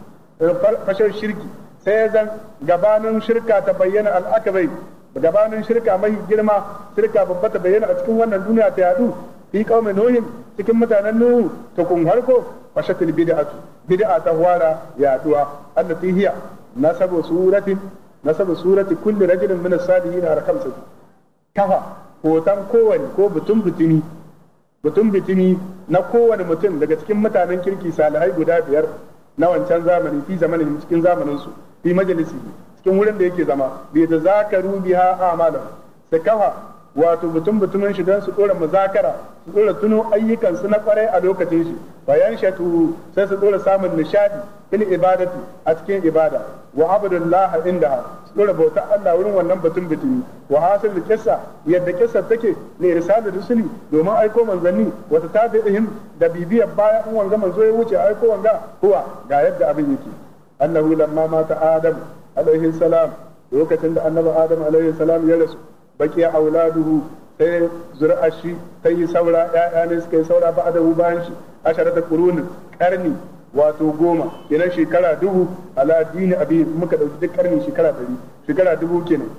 fashau shirki sai zan gabanin shirka ta bayyana al'akabai gabanin shirka mai girma shirka babba ta bayyana a cikin wannan duniya ta yaɗu fi qaumi nuhin cikin mutanen nuhu ta kun harko fashatil bid'atu bid'a ta wara yaduwa allati hiya nasabu suratin nasabu surati kulli rajulin min as-salihin ar kamsa kafa hoton kowane ko butun butuni butun butuni na kowane mutum daga cikin mutanen kirki salihai guda biyar na wancan zamani fi zamanin cikin zamanin su fi majalisi cikin wurin da yake zama bi da zakaru biha amalan su wato mutum mutumin shi don su dora muzakara su dora tuno ayyukan su na kwarai a lokacin shi bayan shatu sai su dora samun nishadi fil ibadati a cikin ibada wa abdullah inda su dora bauta Allah wurin wannan batun bitumi wa hasil kissa yadda kissa take ne risala rusuli domin aiko manzanni wata tabi'ihim da bibiyar baya in wanga manzo ya wuce aiko wanga huwa ga yadda abin yake annahu lamma mata adam alaihi salam lokacin da annabi adam alaihi salam ya rasu baqiya auladuhu sai zuri'ar shi ta yi saura ya'ya ne suka yi saura ba adahu bayan shi da qurunin karni wato goma kenan shekara dubu ala dini abihim muka dauki duk karni shekara dari shekara dubu kenan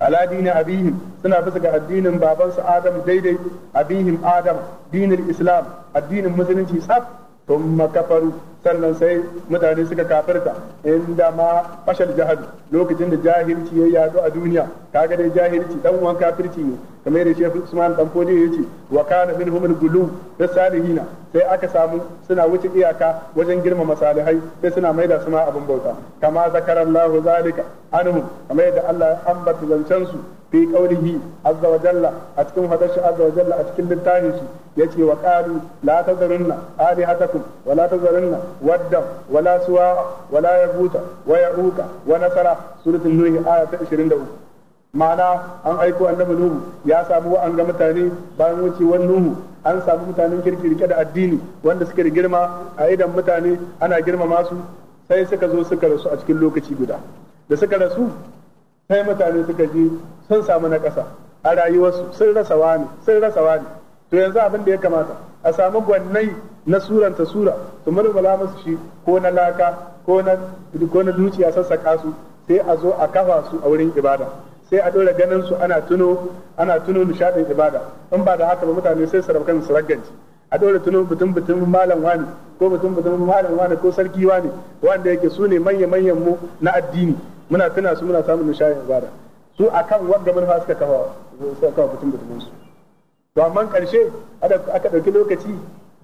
ala dini abihim suna bisa ga addinin babansu adam daidai abihim adam dinin islam addinin musulunci tsaf thumma kafaru sannan sai mutane suka kafirta inda ma fashal jihar lokacin da jahilci ya yadu a duniya kaga dai jahilci dan uwan kafirci ne kamar da shafi Usman dan Fodi ce wa kana min al-gulu da salihina sai aka samu suna wuce iyaka wajen girmama salihai sai suna maida su ma abin bauta kama zakarallahu zalika anhum kamar yadda Allah ya ambata zancen su fi qaulihi azza wa jalla a cikin hadashi azza wa jalla a cikin littafin shi yace wa qalu la tazarunna alihatakum wa la tazarunna والدم ولا wa ولا يغوث ويعوق ونسر سورة النوح آية 23 ma'ana an aiko annabi nuhu ya samu an ga mutane bayan wucewar nuhu an samu mutanen kirkirke da addini wanda suke da girma a idan mutane ana girmama su sai suka zo suka rasu a cikin lokaci guda da suka rasu sai mutane suka ji sun samu na ƙasa a rayuwarsu sun rasa wani sun rasa wani to yanzu abin da ya kamata a samu gwannai na suranta sura su mulmula musu shi ko na laka ko na dukiya sassaka su sai a zo a kafa su a wurin ibada sai a ɗora ganin su ana tuno ana tuno nishaɗin ibada in ba da haka ba mutane sai su rabkan su ragganci a ɗora tuno butun butun malam wani ko butun butun malam wani ko sarki wani wanda yake su ne manya manyan mu na addini muna tuna su muna samun nishadin ibada su akan wanda manufa suka kafa suka kafa butun butun su to amma karshe aka ɗauki lokaci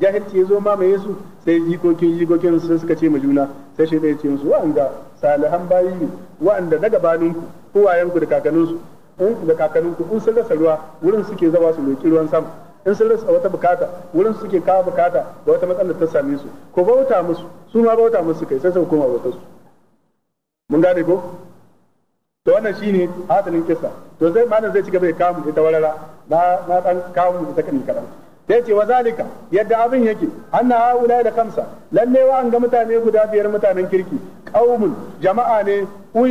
jahilci ya zo mamaye su sai jikokin jikokin sun suka ce ma juna sai shi ɗaya ce musu wa'anda salihan bayi ne wa'anda na gabaninku ku wayanku da kakanninsu in da kakanninku in sun rasa ruwa wurin suke zama su roƙi ruwan sama in sun rasa wata bukata wurin suke kawo bukata da wata matsalar ta same su ko bauta musu su ma bauta musu kai sai su koma bautar su mun gane ko to wannan shine hatalin kisa to zai malam zai ci gaba da kawo mu ita warara na na dan kawo mu ta kan ya ce wa zalika yadda abin yake anna haula da kansa lalle wa an ga mutane guda biyar mutanen kirki qaumun jama'a ne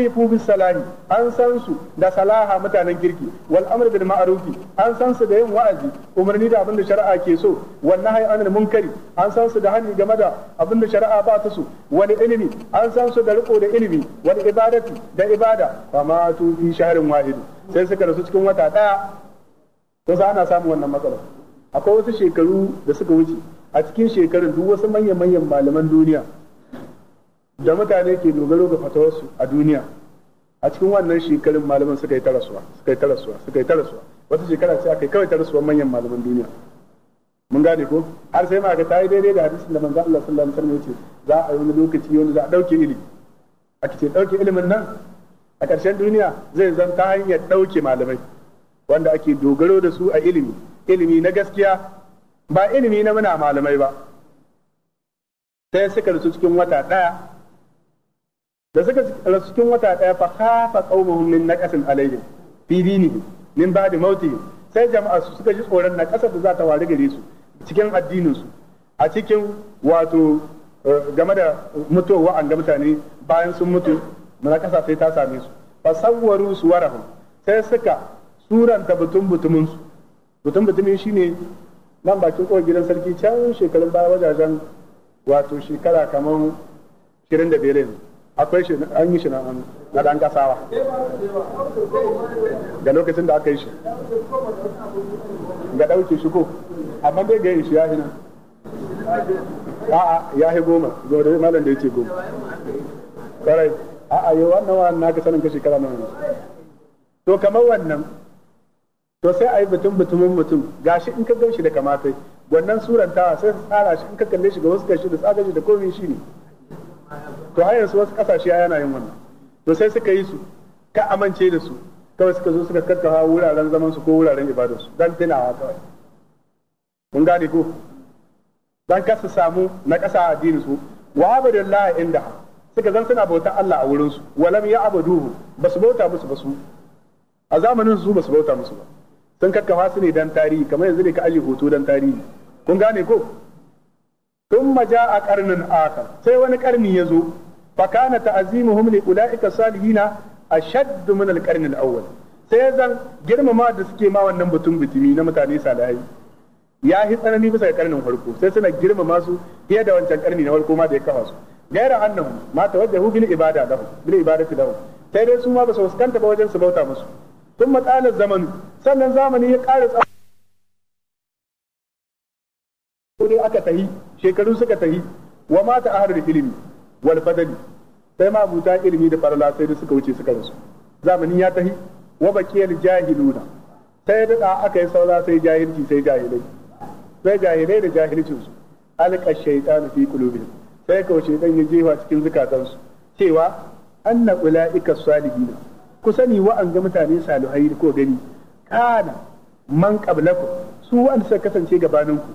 fu bis salahi an san su da salaha mutanen kirki wal amr bil ma'ruf an san su da yin wa'azi umarni da abin da shari'a ke so wal nahyi anil munkari an san su da hani game da abin da shari'a ba ta so wal ilmi an san su da riko da ilmi wani ibadati da ibada fa ma tu fi shahrin wahid sai suka rasu cikin wata daya to ana samun wannan matsalar akwai wasu shekaru da suka wuce a cikin shekarun duk wasu manyan-manyan malaman duniya da mutane ke dogaro ga fatawarsu a duniya a cikin wannan shekarun malaman suka yi tarasuwa suka yi tarasuwa suka yi tarasuwa wata shekara ce aka yi kawai tarasuwa manyan malaman duniya mun gane ko har sai ma ga ta yi daidai da hadisin da manzo Allah sallallahu alaihi wasallam ya ce za a yi wani lokaci wanda za a dauke ilimi aka ce dauke ilimin nan a ƙarshen duniya zai zan ta hanyar dauke malamai wanda ake dogaro da su a ilimi ilimi na gaskiya ba ilimi na muna malamai ba sai suka rasu cikin wata ɗaya da suka rasu cikin wata ɗaya fa hafa qaumuhum min naqasin alaihim fi dinihi min ba'di mauti sai jama'a su suka ji tsoron na ƙasar da za ta wari gare su cikin addininsu a cikin wato eh, game da mutuwa an ga mutane bayan sun mutu na ƙasa sai ta same su fa wara suwarahum sai suka suranta butun butumin mutum mutumin shi ne nan bakin kowar gidan sarki can shekarun baya wajajen wato shekara kamar shirin da biyar ne akwai shi an yi shi na dan kasawa ga lokacin da aka yi shi ga ɗauke shi ko amma dai ga yi shi ya hinan a'a ya hi goma gore malam da ya ce goma kwarai a'a yi wannan wannan na ka sanin ka shekara nan to kamar wannan to sai a yi batun batumin mutum gashi in ka ganshi da kamata, wannan surantawa sai su tsara shi in ka kalle shi ga wasu kashi da tsaga da komai shi ne to a yanzu wasu kasashe yana yin wannan to sai suka yi su ka amince da su kawai suka zo suka kakkawa wuraren zaman su ko wuraren ibadar su dan tunawa kawai kun gane ko dan ka samu na kasa addinin su wa abadallahi inda suka zan suna bauta Allah a wurin su walam ya abaduhu basu bauta musu ba su a zamanin su basu bauta musu ba sun kakkafa su ne dan tarihi kamar yanzu ne ka aje hoto dan tarihi kun gane ko tun maja a karnin akar sai wani karni ya zo fakana ta'zimuhum li ulaika salihina ashadd min al-qarn al-awwal sai zan girmama da suke ma wannan batun bitimi na mutane salihai ya yi tsanani bisa ga karnin farko sai suna girmama su fiye da wancan karni na farko ma da ya kafa su gaira annahu ma tawajjahu bil ibada lahu bil ibadati lahu sai dai su ma ba su fuskanta ba wajen su bauta musu Tun matsalar zamanu sannan zamani ya ƙara tsawo ne aka tahi shekaru suka tahi wa mata a harin ilimi wal fadali sai ma buta ilimi da farla sai da suka wuce suka rasu zamani ya tahi wa baqiyal jahiluna sai da aka yi saura sai jahilci sai jahilai sai jahilai da jahilcin su alqa shaytanu fi qulubihim sai kawai shaitan ya jefa cikin zukatansu cewa anna ulaika salihina ku sani wa'an ga mutane salihai ko gani kana man qablakum su wa'anda suka kasance gabaninku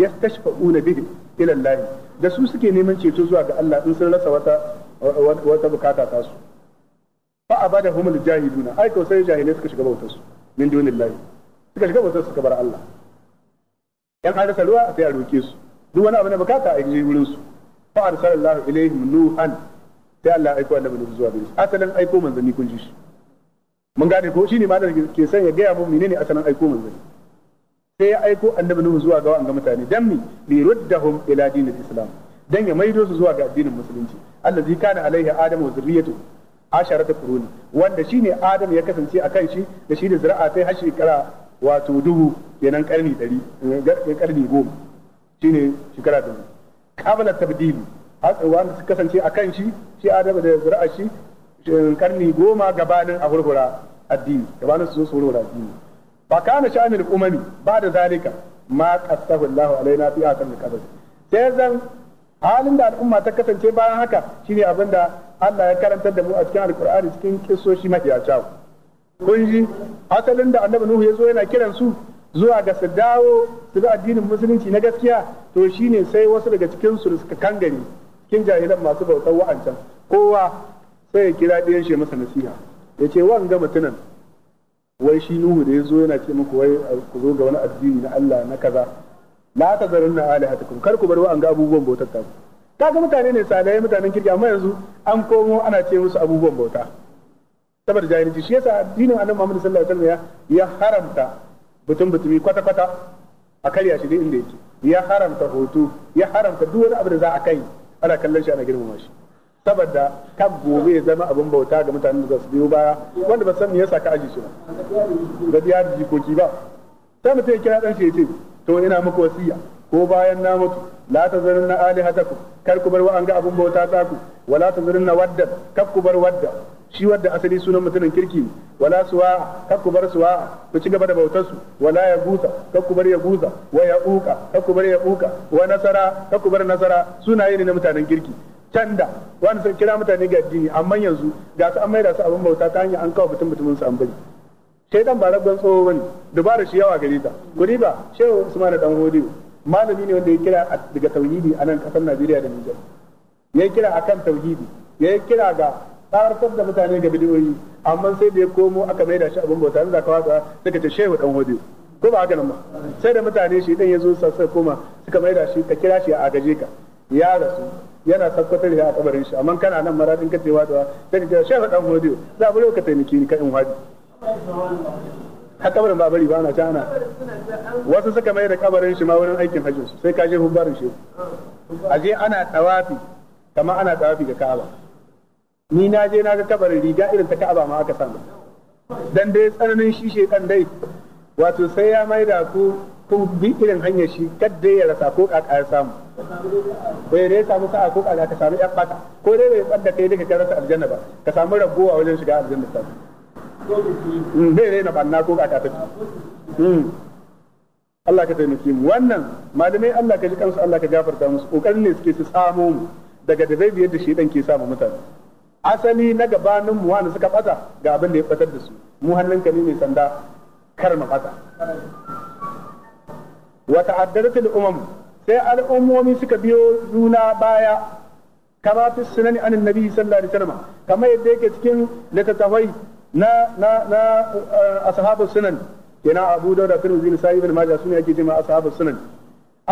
yastashfa'una bihi ila Allah da su suke neman ceto zuwa ga Allah in sun rasa wata wata bukata ta su fa abadahumul jahiduna ai ko sai jahilai suka shiga bautar su min dunillahi suka shiga bautar su suka bar Allah yan an rasa ruwa sai a roke su duk wani abu na bukata a yi wurin su fa arsalallahu ilaihim nuhan sai Allah aiko annabi zuwa gare su asalin aiko manzanni kun ji shi mun gane ko shine ma da ke son ya gaya mun menene asalin aiko zai? sai ya aiko annabi nuhu zuwa ga wa'anga mutane dan mi li ruddahum ila dinil islam dan ya maido su zuwa ga addinin musulunci allazi kana alaihi adamu wa zurriyatuhu asharata quruni wanda shi ne adam ya kasance akan shi da shi da zira'a sai har shekara wato dubu kenan karni 100 eh, karni 10 shine shekara dubu qabla tabdili wanda suka kasance akan shi shi adam da zira'a shi karni goma gabanin a hurhura addini gabanin su su hurhura addini fa kana shamil umami ba da zalika ma qasahu Allah alaina fi akan al sai zan halin da al'umma ta kasance bayan haka shine abin da Allah ya karantar da mu a cikin alqur'ani cikin kissoshi mafiya kun ji asalin da annabi nuhu ya zo yana kiran su zuwa ga su dawo su bi addinin musulunci na gaskiya to shine sai wasu daga cikin su suka kangare cikin jahilan masu bautar wa'ancan kowa sai ya kira ɗayan shi masa nasiha ya ce wanga mutunan wai shi nuhu da ya zo yana ce muku wai ku zo ga wani addini na Allah na kaza la ta zarin na alihatakum kar ku bar wa an ga abubuwan bautar ta kaga mutane ne salihai mutanen kirki amma yanzu an komo ana ce musu abubuwan bauta saboda jahilci shi yasa addinin annabi Muhammad sallallahu alaihi wasallam ya haramta butun butumi kwata kwata a karya shi dai inda yake ya haramta hoto ya haramta duk wani abu da za a kai ana kallon shi ana girmama shi saboda kan gobe ya zama abin bauta ga mutanen da su biyo baya wanda ba san me yasa ka aji su ba da ya jikoki ba sai mutum ya kira dan shi ya ce to ina muku wasiya ko bayan na mutu la tazarunna ku kar ku bar wa an ga abin bauta ta ku wala na wadda kar ku bar wadda shi wadda asali sunan mutumin kirki ne wala suwa kar ku bar suwa ku ci gaba da bautar su wala ya gusa kar ku bar ya gusa wa ya uka kar ku bar ya uka wa nasara kar ku bar nasara sunaye ne na mutanen kirki tanda wani sun kira mutane ga addini amma yanzu ga su an maida su abin bauta ta hanyar an kawo mutum mutumin su an bari shaidan ba rabban tsoho bane dubara shi yawa gare ta guri ba shehu usman dan hodi malami ne wanda ya kira daga tauhidi a nan kasar Najeriya da Nijar ya kira a kan tauhidi ya kira ga tsartar da mutane ga bidiyoyi amma sai da ya komo aka maida shi abin bauta za ka wasa daga ce shehu dan hodi ko ba haka nan ba sai da mutane shi dan ya zo sassa koma suka maida shi ka kira shi a agaje ka ya rasu yana sakkwatar ya a kabarin shi amma kana nan maradin ka cewa da sai ka shi shehu dan godiyo za mu ka taimaki ni ka in wadi Haƙabarin kabarin ba bari ba na cana wasu suka mai da kabarin shi ma wurin aikin hajji su sai ka je hubarin shi a je ana tawafi kama ana tawafi ga Ka'aba ni na je na ga kabarin riga irin ta Ka'aba ma aka samu dan dai tsananin shi shekan dai wato sai ya mai da ku kun bi irin hanyar shi kadda ya rasa ko ka ya samu bai ne samu sa'a ko ka ka samu yan bata ko dai bai bada kai daga rasa aljanna ba ka samu rabuwa wajen shiga aljanna ta mm, bai na banna ko ka ta mm. Allah ka taimake mu wannan malamai Allah ka ji kansu Allah ka gafarta musu kokarin ne suke su samo mu daga da biyar da dan ke mu mutane asali na gabanin mu wani suka bata ga abin da ya ɓatar da su mu hannun ka ne sanda kar mu bata wa ta'addadatul umam sai al'ummomi suka biyo juna baya kama fi sunani anin nabi sallallahu alaihi wasallam kamar yadda yake cikin littattafai na na na uh, ashabus sunan yana abu da da tirmidhi da sahih ibn majah sunan yake cewa ashabus sunan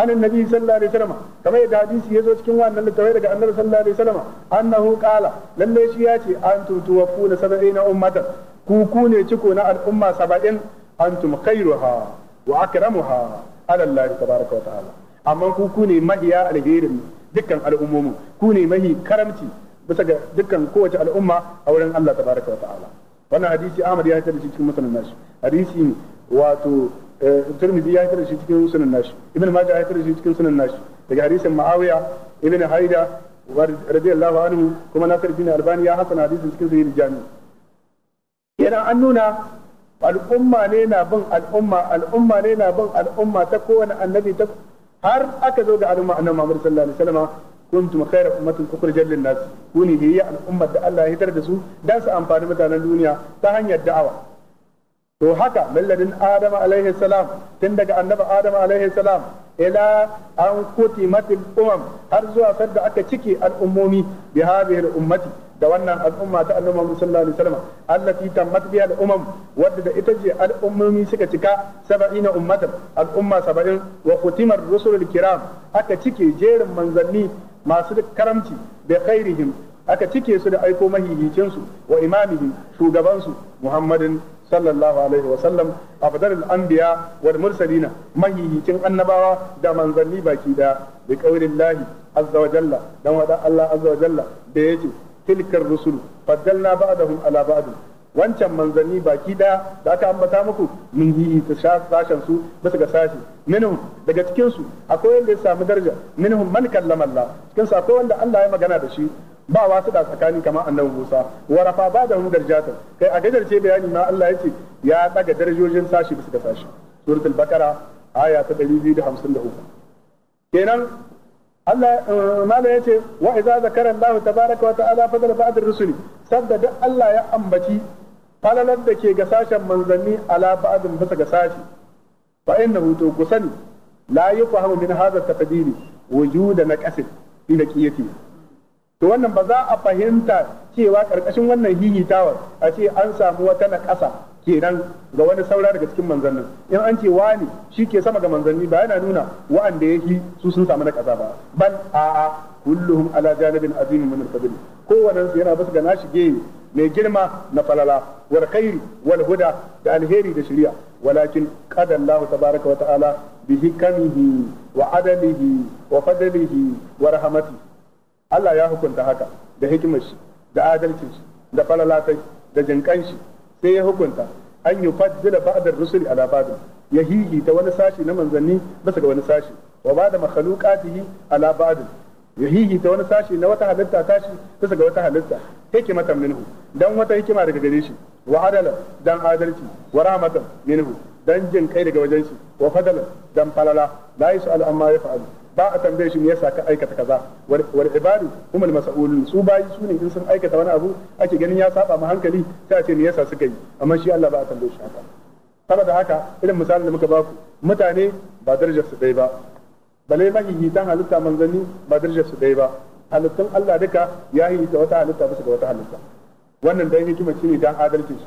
anin nabi sallallahu alaihi wasallam kamar yadda hadisi yazo cikin wannan littattafai daga annabi sallallahu alaihi wasallam annahu qala lalle shi yace antu tuwaffuna sab'ina ummatan ku ku ne ciko na al'umma saba'in antum khairuha wa akramuha ala Allah tabaraka wa ta'ala amma ku ku ne mahiya alherin dukkan al'ummomin ku ne mahi karamci bisa ga dukkan kowace al'umma a wurin Allah tabaraka wa ta'ala wannan hadisi Ahmad ya tada shi cikin musulun nashi hadisi ne wato eh, Tirmidhi ya tada shi cikin sunan nashi Ibn Majah ya tada shi cikin sunan nashi daga hadisin Muawiya Ibn Haida radiyallahu anhu kuma Nasir bin Albani ya hasana hadisin cikin sahih jami yana an nuna al'umma ne na bin al'umma al'umma ne na bin al'umma ta kowane annabi ta har aka zo ga al'umma annabi Muhammad sallallahu alaihi wasallam kuntum khayra ummatin ukhrijat lin nas kuni bi al'ummar da Allah ya hitar da su dan su amfani mutanen duniya ta hanyar da'awa to haka milladin adam alaihi salam tun daga annabi adam alaihi salam ila an kutimatil umam har zuwa sadda aka ciki al'ummomi bi hadhihi al ummati da wannan al'umma ta annabi Muhammad sallallahu alaihi wasallam allati tammat biha al wadda da ita ce al'ummomi suka cika 70 ummatan al'umma 70 wa khutimar rusulul kiram aka cike jerin manzanni masu karamci bi khairihim aka cike su da aiko mahihicin su wa imamihim shugaban su Muhammadin sallallahu alaihi wa afdalul anbiya wal mursalina mahihicin annabawa da manzanni baki da bi qaulillahi azza wa jalla dan wada Allah azza wa jalla da yake tilkar rusul faddalna ba'dahum ala ba'd wancan manzanni baki ɗaya da aka ambata muku mun yi ta sashen su bisa ga sashi minhum daga cikin su akwai wanda ya samu daraja minhum man kallama Allah cikin su akwai wanda Allah ya magana da shi ba wasu da tsakani kamar annabi Musa wa rafa ba'dahum darajata kai a gajarce bayani ma Allah ya ce ya daga darajojin sashi bisa ga sashi suratul bakara aya ta 253 kenan Allah eh, mala yace wa idza zakara Allah tabaaraka wa ta'ala fadl ba'd ar-rusul sabda duk Allah ya ambaci falalar da ke ga sashen manzanni ala ba'd bisa ga sashi fa innahu to kusani la yufahamu min hadha at-taqdiri wujuda naqasin fi naqiyati to wannan ba za a fahimta cewa karkashin wannan hihitawar a ce an samu wata naƙasa kenan ga wani saura daga cikin manzannin in an ce wa wani shi ke sama ga manzanni ba yana nuna wa'anda ya fi su sun samu na kaza ba bal a'a kulluhum ala janibin azimin min al ko kowannen su yana bas ga nashi mai girma na falala wal khairi wal huda da alheri da shari'a walakin qada Allah tabaaraka wa ta'ala bi hikamihi wa adalihi wa fadlihi wa rahmatihi Allah ya hukunta haka da hikimar shi da adalcin shi da falalatai da jinkan sai ya hukunta an yufaddila ba'd ar-rusuli ala ba'd ya hihi ta wani sashi na manzanni bisa ga wani sashi wa ba'da makhluqatihi ala ba'd ya hihi ta wani sashi na wata halitta tashi bisa ga wata halitta hikimatan minhu dan wata hikima daga gare shi wa adala dan adalci wa rahmatan minhu dan jin kai daga wajen shi wa fadala dan falala la yasu al amma yafa'alu ba a tambaye shi me yasa ka aikata kaza wal ibadu humul mas'ulun su bayi su ne in sun aikata wani abu ake ganin ya saba mu hankali sai a ce me yasa suka yi amma shi Allah ba a tambaye shi haka saboda haka irin misalin da muka ba ku mutane ba darajar su dai ba balai mahihitan halitta manzanni ba darajar su dai ba halittun Allah duka ya hihita wata halitta bisa ga wata halitta wannan dai hikima ce ne dan adalcin shi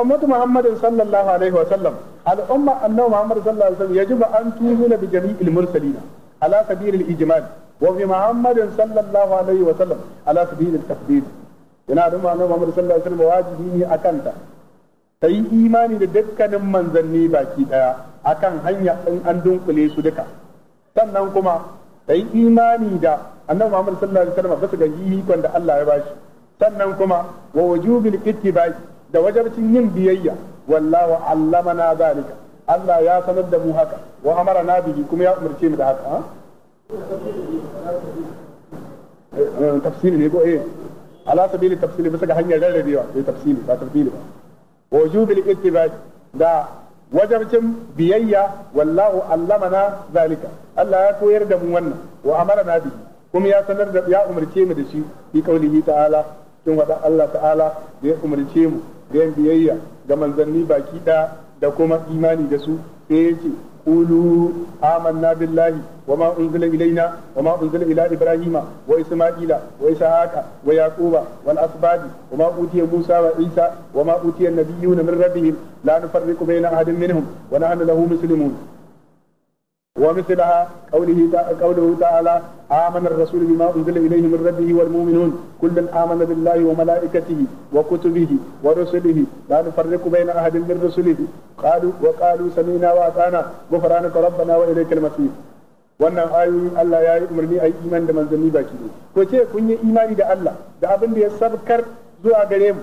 ummatu muhammadin sallallahu alaihi wa sallam al'umma annabi muhammad sallallahu alaihi wa sallam yajibu an tumina bi jami'il mursalina ala sabil al ijmal wa bi muhammadin sallallahu alaihi wa sallam ala sabil al tafdid yana da annabi muhammad sallallahu alaihi wa sallam wajibi ne akanta ta yi imani da dukkanin manzanni baki daya akan hanya in an dunkule su duka sannan kuma ta yi imani da annabi muhammad sallallahu alaihi wa sallam bisa ga ikon da Allah ya bashi sannan kuma wa wujubil ittiba'i da wajabcin yin biyayya wallahu allamana zalika Allah ya sanar da mu haka wa amara na bihi kuma ya umarce mu da haka eh, tafsiri ne ko eh ala sabili tafsiri bisa ga hanyar rarrabewa eh tafsiri ba tafsiri ba wujubil ittiba da wajabcin biyayya wallahu allamana zalika Allah ya koyar da mu wannan wa amara na bihi kuma ya sanar da ya umarce mu da shi bi kaulihi ta'ala kin wada Allah ta'ala ya umarce mu bayan biyayya ga manzanni baki ɗaya da kuma imani da su sai yake kulu amanna billahi wa ma unzila ilaina wa ma unzila ila ibrahima wa isma'ila wa isaaka wa yakuba wal asbadi wa ma musa wa isa wa na utiya nabiyyuna min rabbihim la nufarriqu bayna ahadin minhum wa nahnu lahu muslimun ومثلها قوله قوله تعالى آمن الرسول بما أنزل إليه من ربه والمؤمنون كل آمن بالله وملائكته وكتبه ورسله لا نفرق بين أحد من رسله قالوا وقالوا سمينا وأطعنا غفرانك ربنا وإليك المصير wannan ayoyin Allah ya yi umarni a yi iman da manzanni baki ne ko ce kun yi imani da Allah da abin da ya sabkar zuwa gare mu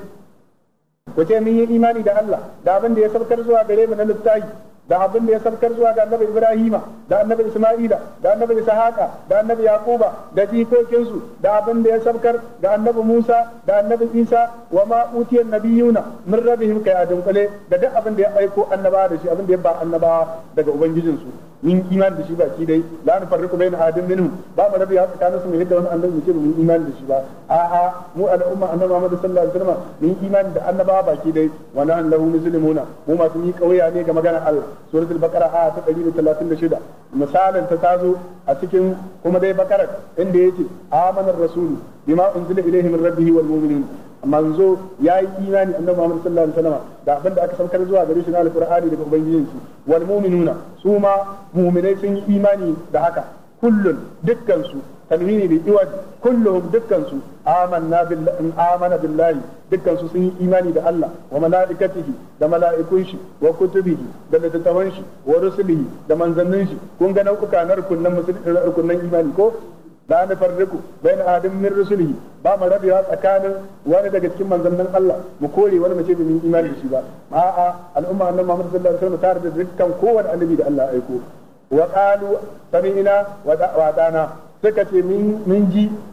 ko ce mun yi imani da Allah da abin da ya sabkar zuwa gare mu na littafi da abin da ya sabkar zuwa ga annabi Ibrahima da annabi Isma'ila da annabi Ishaqa da annabi Yaquba da jikokinsu da abin da ya sabkar ga annabi Musa da annabi Isa wa ma utiyan nabiyuna min rabbihim kayadun kale da duk abin da ya aiko annaba da shi abin da ya ba annaba daga ubangijinsu mun imani da shi baki dai la nufarriqu bayna ahadin minhum ba mu rabi haka kana sun yadda wani annabi ce mun imani da shi ba a'a mu al'umma annabi Muhammad sallallahu alaihi wasallam mun imani da annaba baki dai wa nan lahu muslimuna mu ma sun yi kauya ne ga magana Allah suratul baqara aya ta 136 misalin ta tazo a cikin kuma dai bakarar inda yake amanar rasulu bima unzila ilayhi min rabbihi wal muminin manzo ya yi imani annabi Muhammad sallallahu alaihi wasallam da abin da aka saukar zuwa gare shi na alqur'ani daga ubangijin su wal mu'minuna su ma mu'minai sun yi imani da haka kullun dukkan su tanwini bi iwad kulluhum dukkan su amanna billahi amana billahi dukkan su sun yi imani da Allah wa malaikatihi da mala'ikun shi wa kutubihi da littattafan shi wa rusulihi da manzannin shi kun ga nau'uka na rukunan musulmi rukunan imani ko la nufarriqu bayna ahadin min rusulihi ba mu rabewa tsakanin wani daga cikin manzannin Allah mu kore wani mace bai mun imani da shi ba a'a al'umma annabi Muhammad sallallahu alaihi wasallam tare da dukkan kowanne annabi da Allah aiko wa qalu sami'na wa da'ana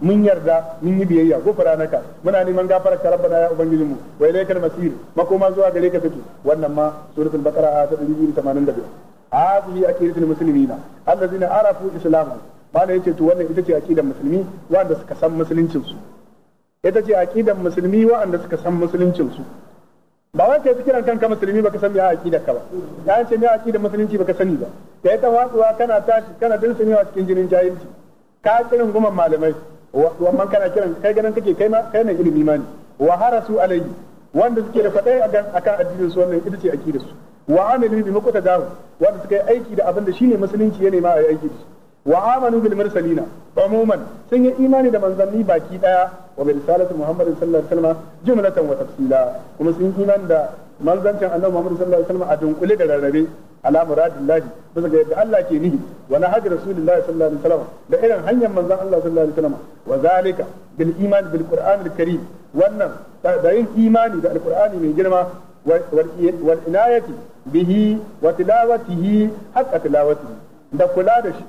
mun yarda mun yi biyayya gofara naka muna neman gafarar ka ubangijin mu wa ilayka al makoma zuwa gare ka wannan ma ta 282 hadhihi akiratul muslimina allazina arafu islamahum mana yace to wannan ita ce aqidar musulmi wanda suka san musuluncin su ita ce aqidar musulmi wanda suka san musuluncin su ba wai kai fikiran kanka musulmi baka san me aqidar ka ba ya ce me aqidar musulunci baka sani ba kai ta watsuwa kana tashi kana a cikin jinin jahilci ka kiran goma malamai wannan kana kiran kai ganin kake kai ma kai ne ilimi ma ne wa harasu alayhi wanda suke da fadai akan addinin su wannan ita ce aqidar su wa amilu bi muqtadahu wanda suka yi aiki da abin da shine musulunci ya nema a yi aiki da shi wa amanu bil mursalina umuman sun yi imani da manzanni baki daya wa bi risalati muhammadin sallallahu alaihi wasallam wa tafsila kuma sun yi imani da manzancin annabi muhammad sallallahu alaihi wasallam a dunkule da rarrabe ala muradillahi bisa yadda Allah ke nihi wa na hajji rasulullahi sallallahu alaihi wasallam da irin hanyar manzon Allah sallallahu alaihi wasallam wa zalika bil iman bil wannan da yin imani da alkur'ani mai girma inayati bihi wa tilawatihi da kula da shi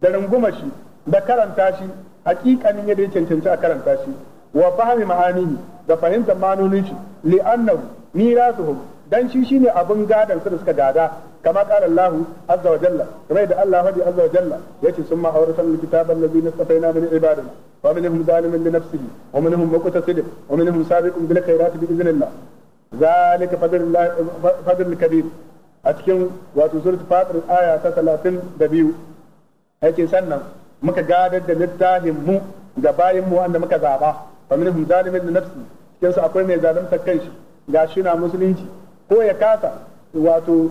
da runguma shi da karanta shi hakikanin yadda ya cancanci a karanta shi wa fahmi ma'anihi da fahimtar ma'anonin shi li'annahu mirasuhum dan shi shine abun gadan su da suka gada kama qala Allah azza wa jalla kamar da Allah hadi azza wa jalla yace summa awrasana alkitaba alladhina safaina min ibadina wa minhum zalimun li nafsihi wa minhum muqtasid wa minhum sabiqun bil khairati bi idhnillah zalika fadlullah fadlul kabir a cikin wato suratul fatir aya ta 32 Aikin sannan muka gadar da littafin mu ga bayin mu wanda muka zaba fa minhum zalimin li nafsi cikin su akwai mai zalunta kanshi shi na musulunci ko ya kasa wato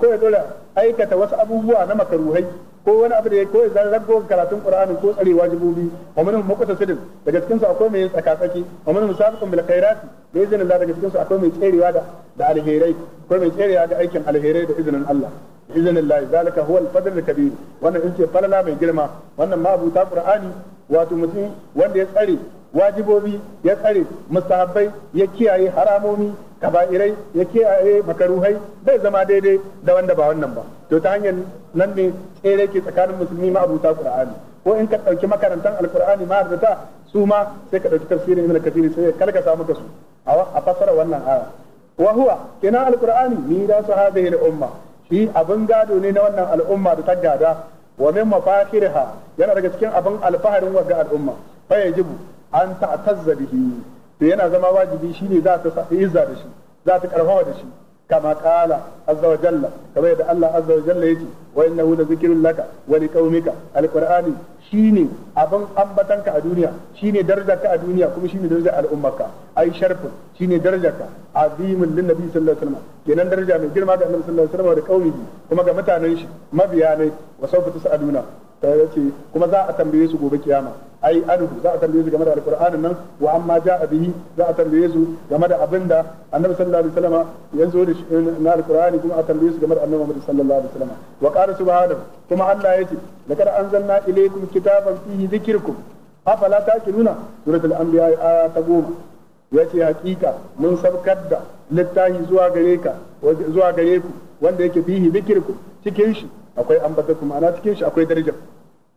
ko ya dora aikata wasu abubuwa na makaruhai ko wani abu da ya koyi zan rago karatun qur'ani ko tsare wajibobi wa minhum muqtasidin daga cikin su akwai mai tsakatsaki wa minhum sabiqun bil khairati da izinin Allah daga cikin su akwai mai tserewa da da alherai a mai tserewa da aikin alherai da izinin Allah izinin Allah zalika huwa al-fadl al-kabir wannan in ce falala mai girma wannan ma ta qur'ani wato mutum wanda ya tsare wajibobi ya tsare mustahabbai ya kiyaye haramomi kaba'irai ya kiyaye makaruhai bai zama daidai da wanda ba wannan ba to ta hanyar nan ne tsere ke tsakanin musulmi ma abuta qur'ani ko in ka ɗauki makarantar alqur'ani ma ta su ma sai ka ɗauki tafsirin ibn kathir sai ka kalkata maka su a fassara wannan aya wa huwa kina alqur'ani mirasu hadhihi al-umma shi abin gado ne na wannan al'umma da ta gada wa min mafakirha yana daga cikin abin alfaharin wa ga al'umma fa yajibu an ta'tazza bihi to yana zama wajibi shine za ta izza da shi za ta karfafa da shi kama kala azza wa jalla kamar yadda Allah azza wa jalla yake wa innahu la zikrun laka wa liqaumika alqur'ani shine abin ambatanka a duniya shine darajarka a duniya kuma shine darajar al'ummarka ai sharfin shine darajarka azimin lin nabi sallallahu alaihi wasallam kenan daraja mai girma ga annabi sallallahu alaihi wasallam da kuma ga mutanen shi mabiya ne wa sawfa aduna. ta ce kuma za a tambaye su gobe kiyama ai anhu za a tambaye su game da alqur'anin nan wa amma jaa bihi za a tambaye su game da abinda annabi sallallahu alaihi wasallam ya zo da eh, na alqur'ani kuma a tambaye su game da annabi Muhammad sallallahu alaihi wasallam wa qala subhanahu kuma Allah yace laqad anzalna ilaykum kitaban fihi dhikrukum afala taqiluna suratul anbiya aya ta goma ce hakika mun sabkar da littahi zuwa gare ka zuwa gare ku wanda yake fihi dhikrukum cikin shi akwai ambatakum ana cikin shi akwai daraja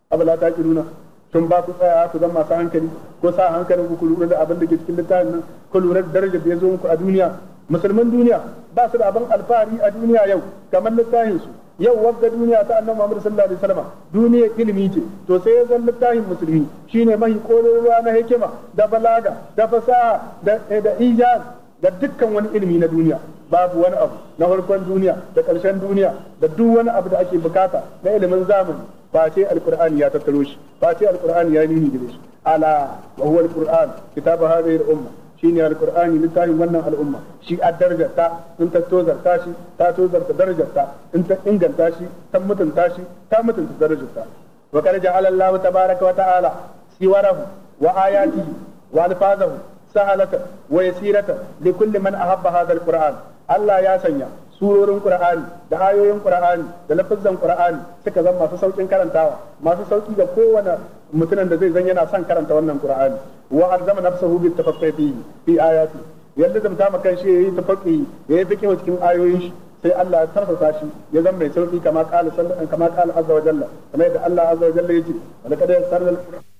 abala ta ki nuna tun ba ku tsaya ku zama masu hankali ko sa hankalin ku lura da abin da ke cikin littafin nan ku lura da darajar da ya zo muku a duniya musulman duniya ba su da abin alfahari a duniya yau kamar littafin su yau wagga duniya ta annabi Muhammad sallallahu alaihi wasallam duniya ilimi ce to sai ya zan littafin musulmi shine mai ruwa na hikima da balaga da fasaha da eh, da ijaz da dukkan wani ilimi na duniya babu wani abu na farkon duniya da ƙarshen duniya da duk wani abu da ake bukata na ilimin zamani ba ce alqur'ani ya tattaro shi ba ce alqur'ani ya nini gare shi ala wa huwa alqur'an kitabu hadhihi al-umma shine alqur'ani littafin wannan al'umma shi a darajarta in ta tozarta shi ta tozarta darajarta in ta inganta shi ta mutunta shi ta mutunta darajarta wa qala ja'ala Allahu tabaaraka wa ta'ala siwarahu wa ayatihi wa alfazahu sahalatan wa yasiratan li kulli man ahabba hadha alquran Allah ya sanya surorin Qur'ani da ayoyin Qur'ani da lafazan Qur'ani suka zama masu saukin karantawa masu sauki ga kowane mutumin da zai zan yana son karanta wannan Qur'ani wa alzama nafsahu bi tafaqqihi fi ayati yalla zamta kan shi yayi tafaqqi yayi fikihu cikin ayoyin shi sai Allah ya tarfasa shi ya zama mai sauki kama kala sallallahu kama qala azza wa jalla kamar yadda Allah azza wa jalla yace wa laqad yassarna al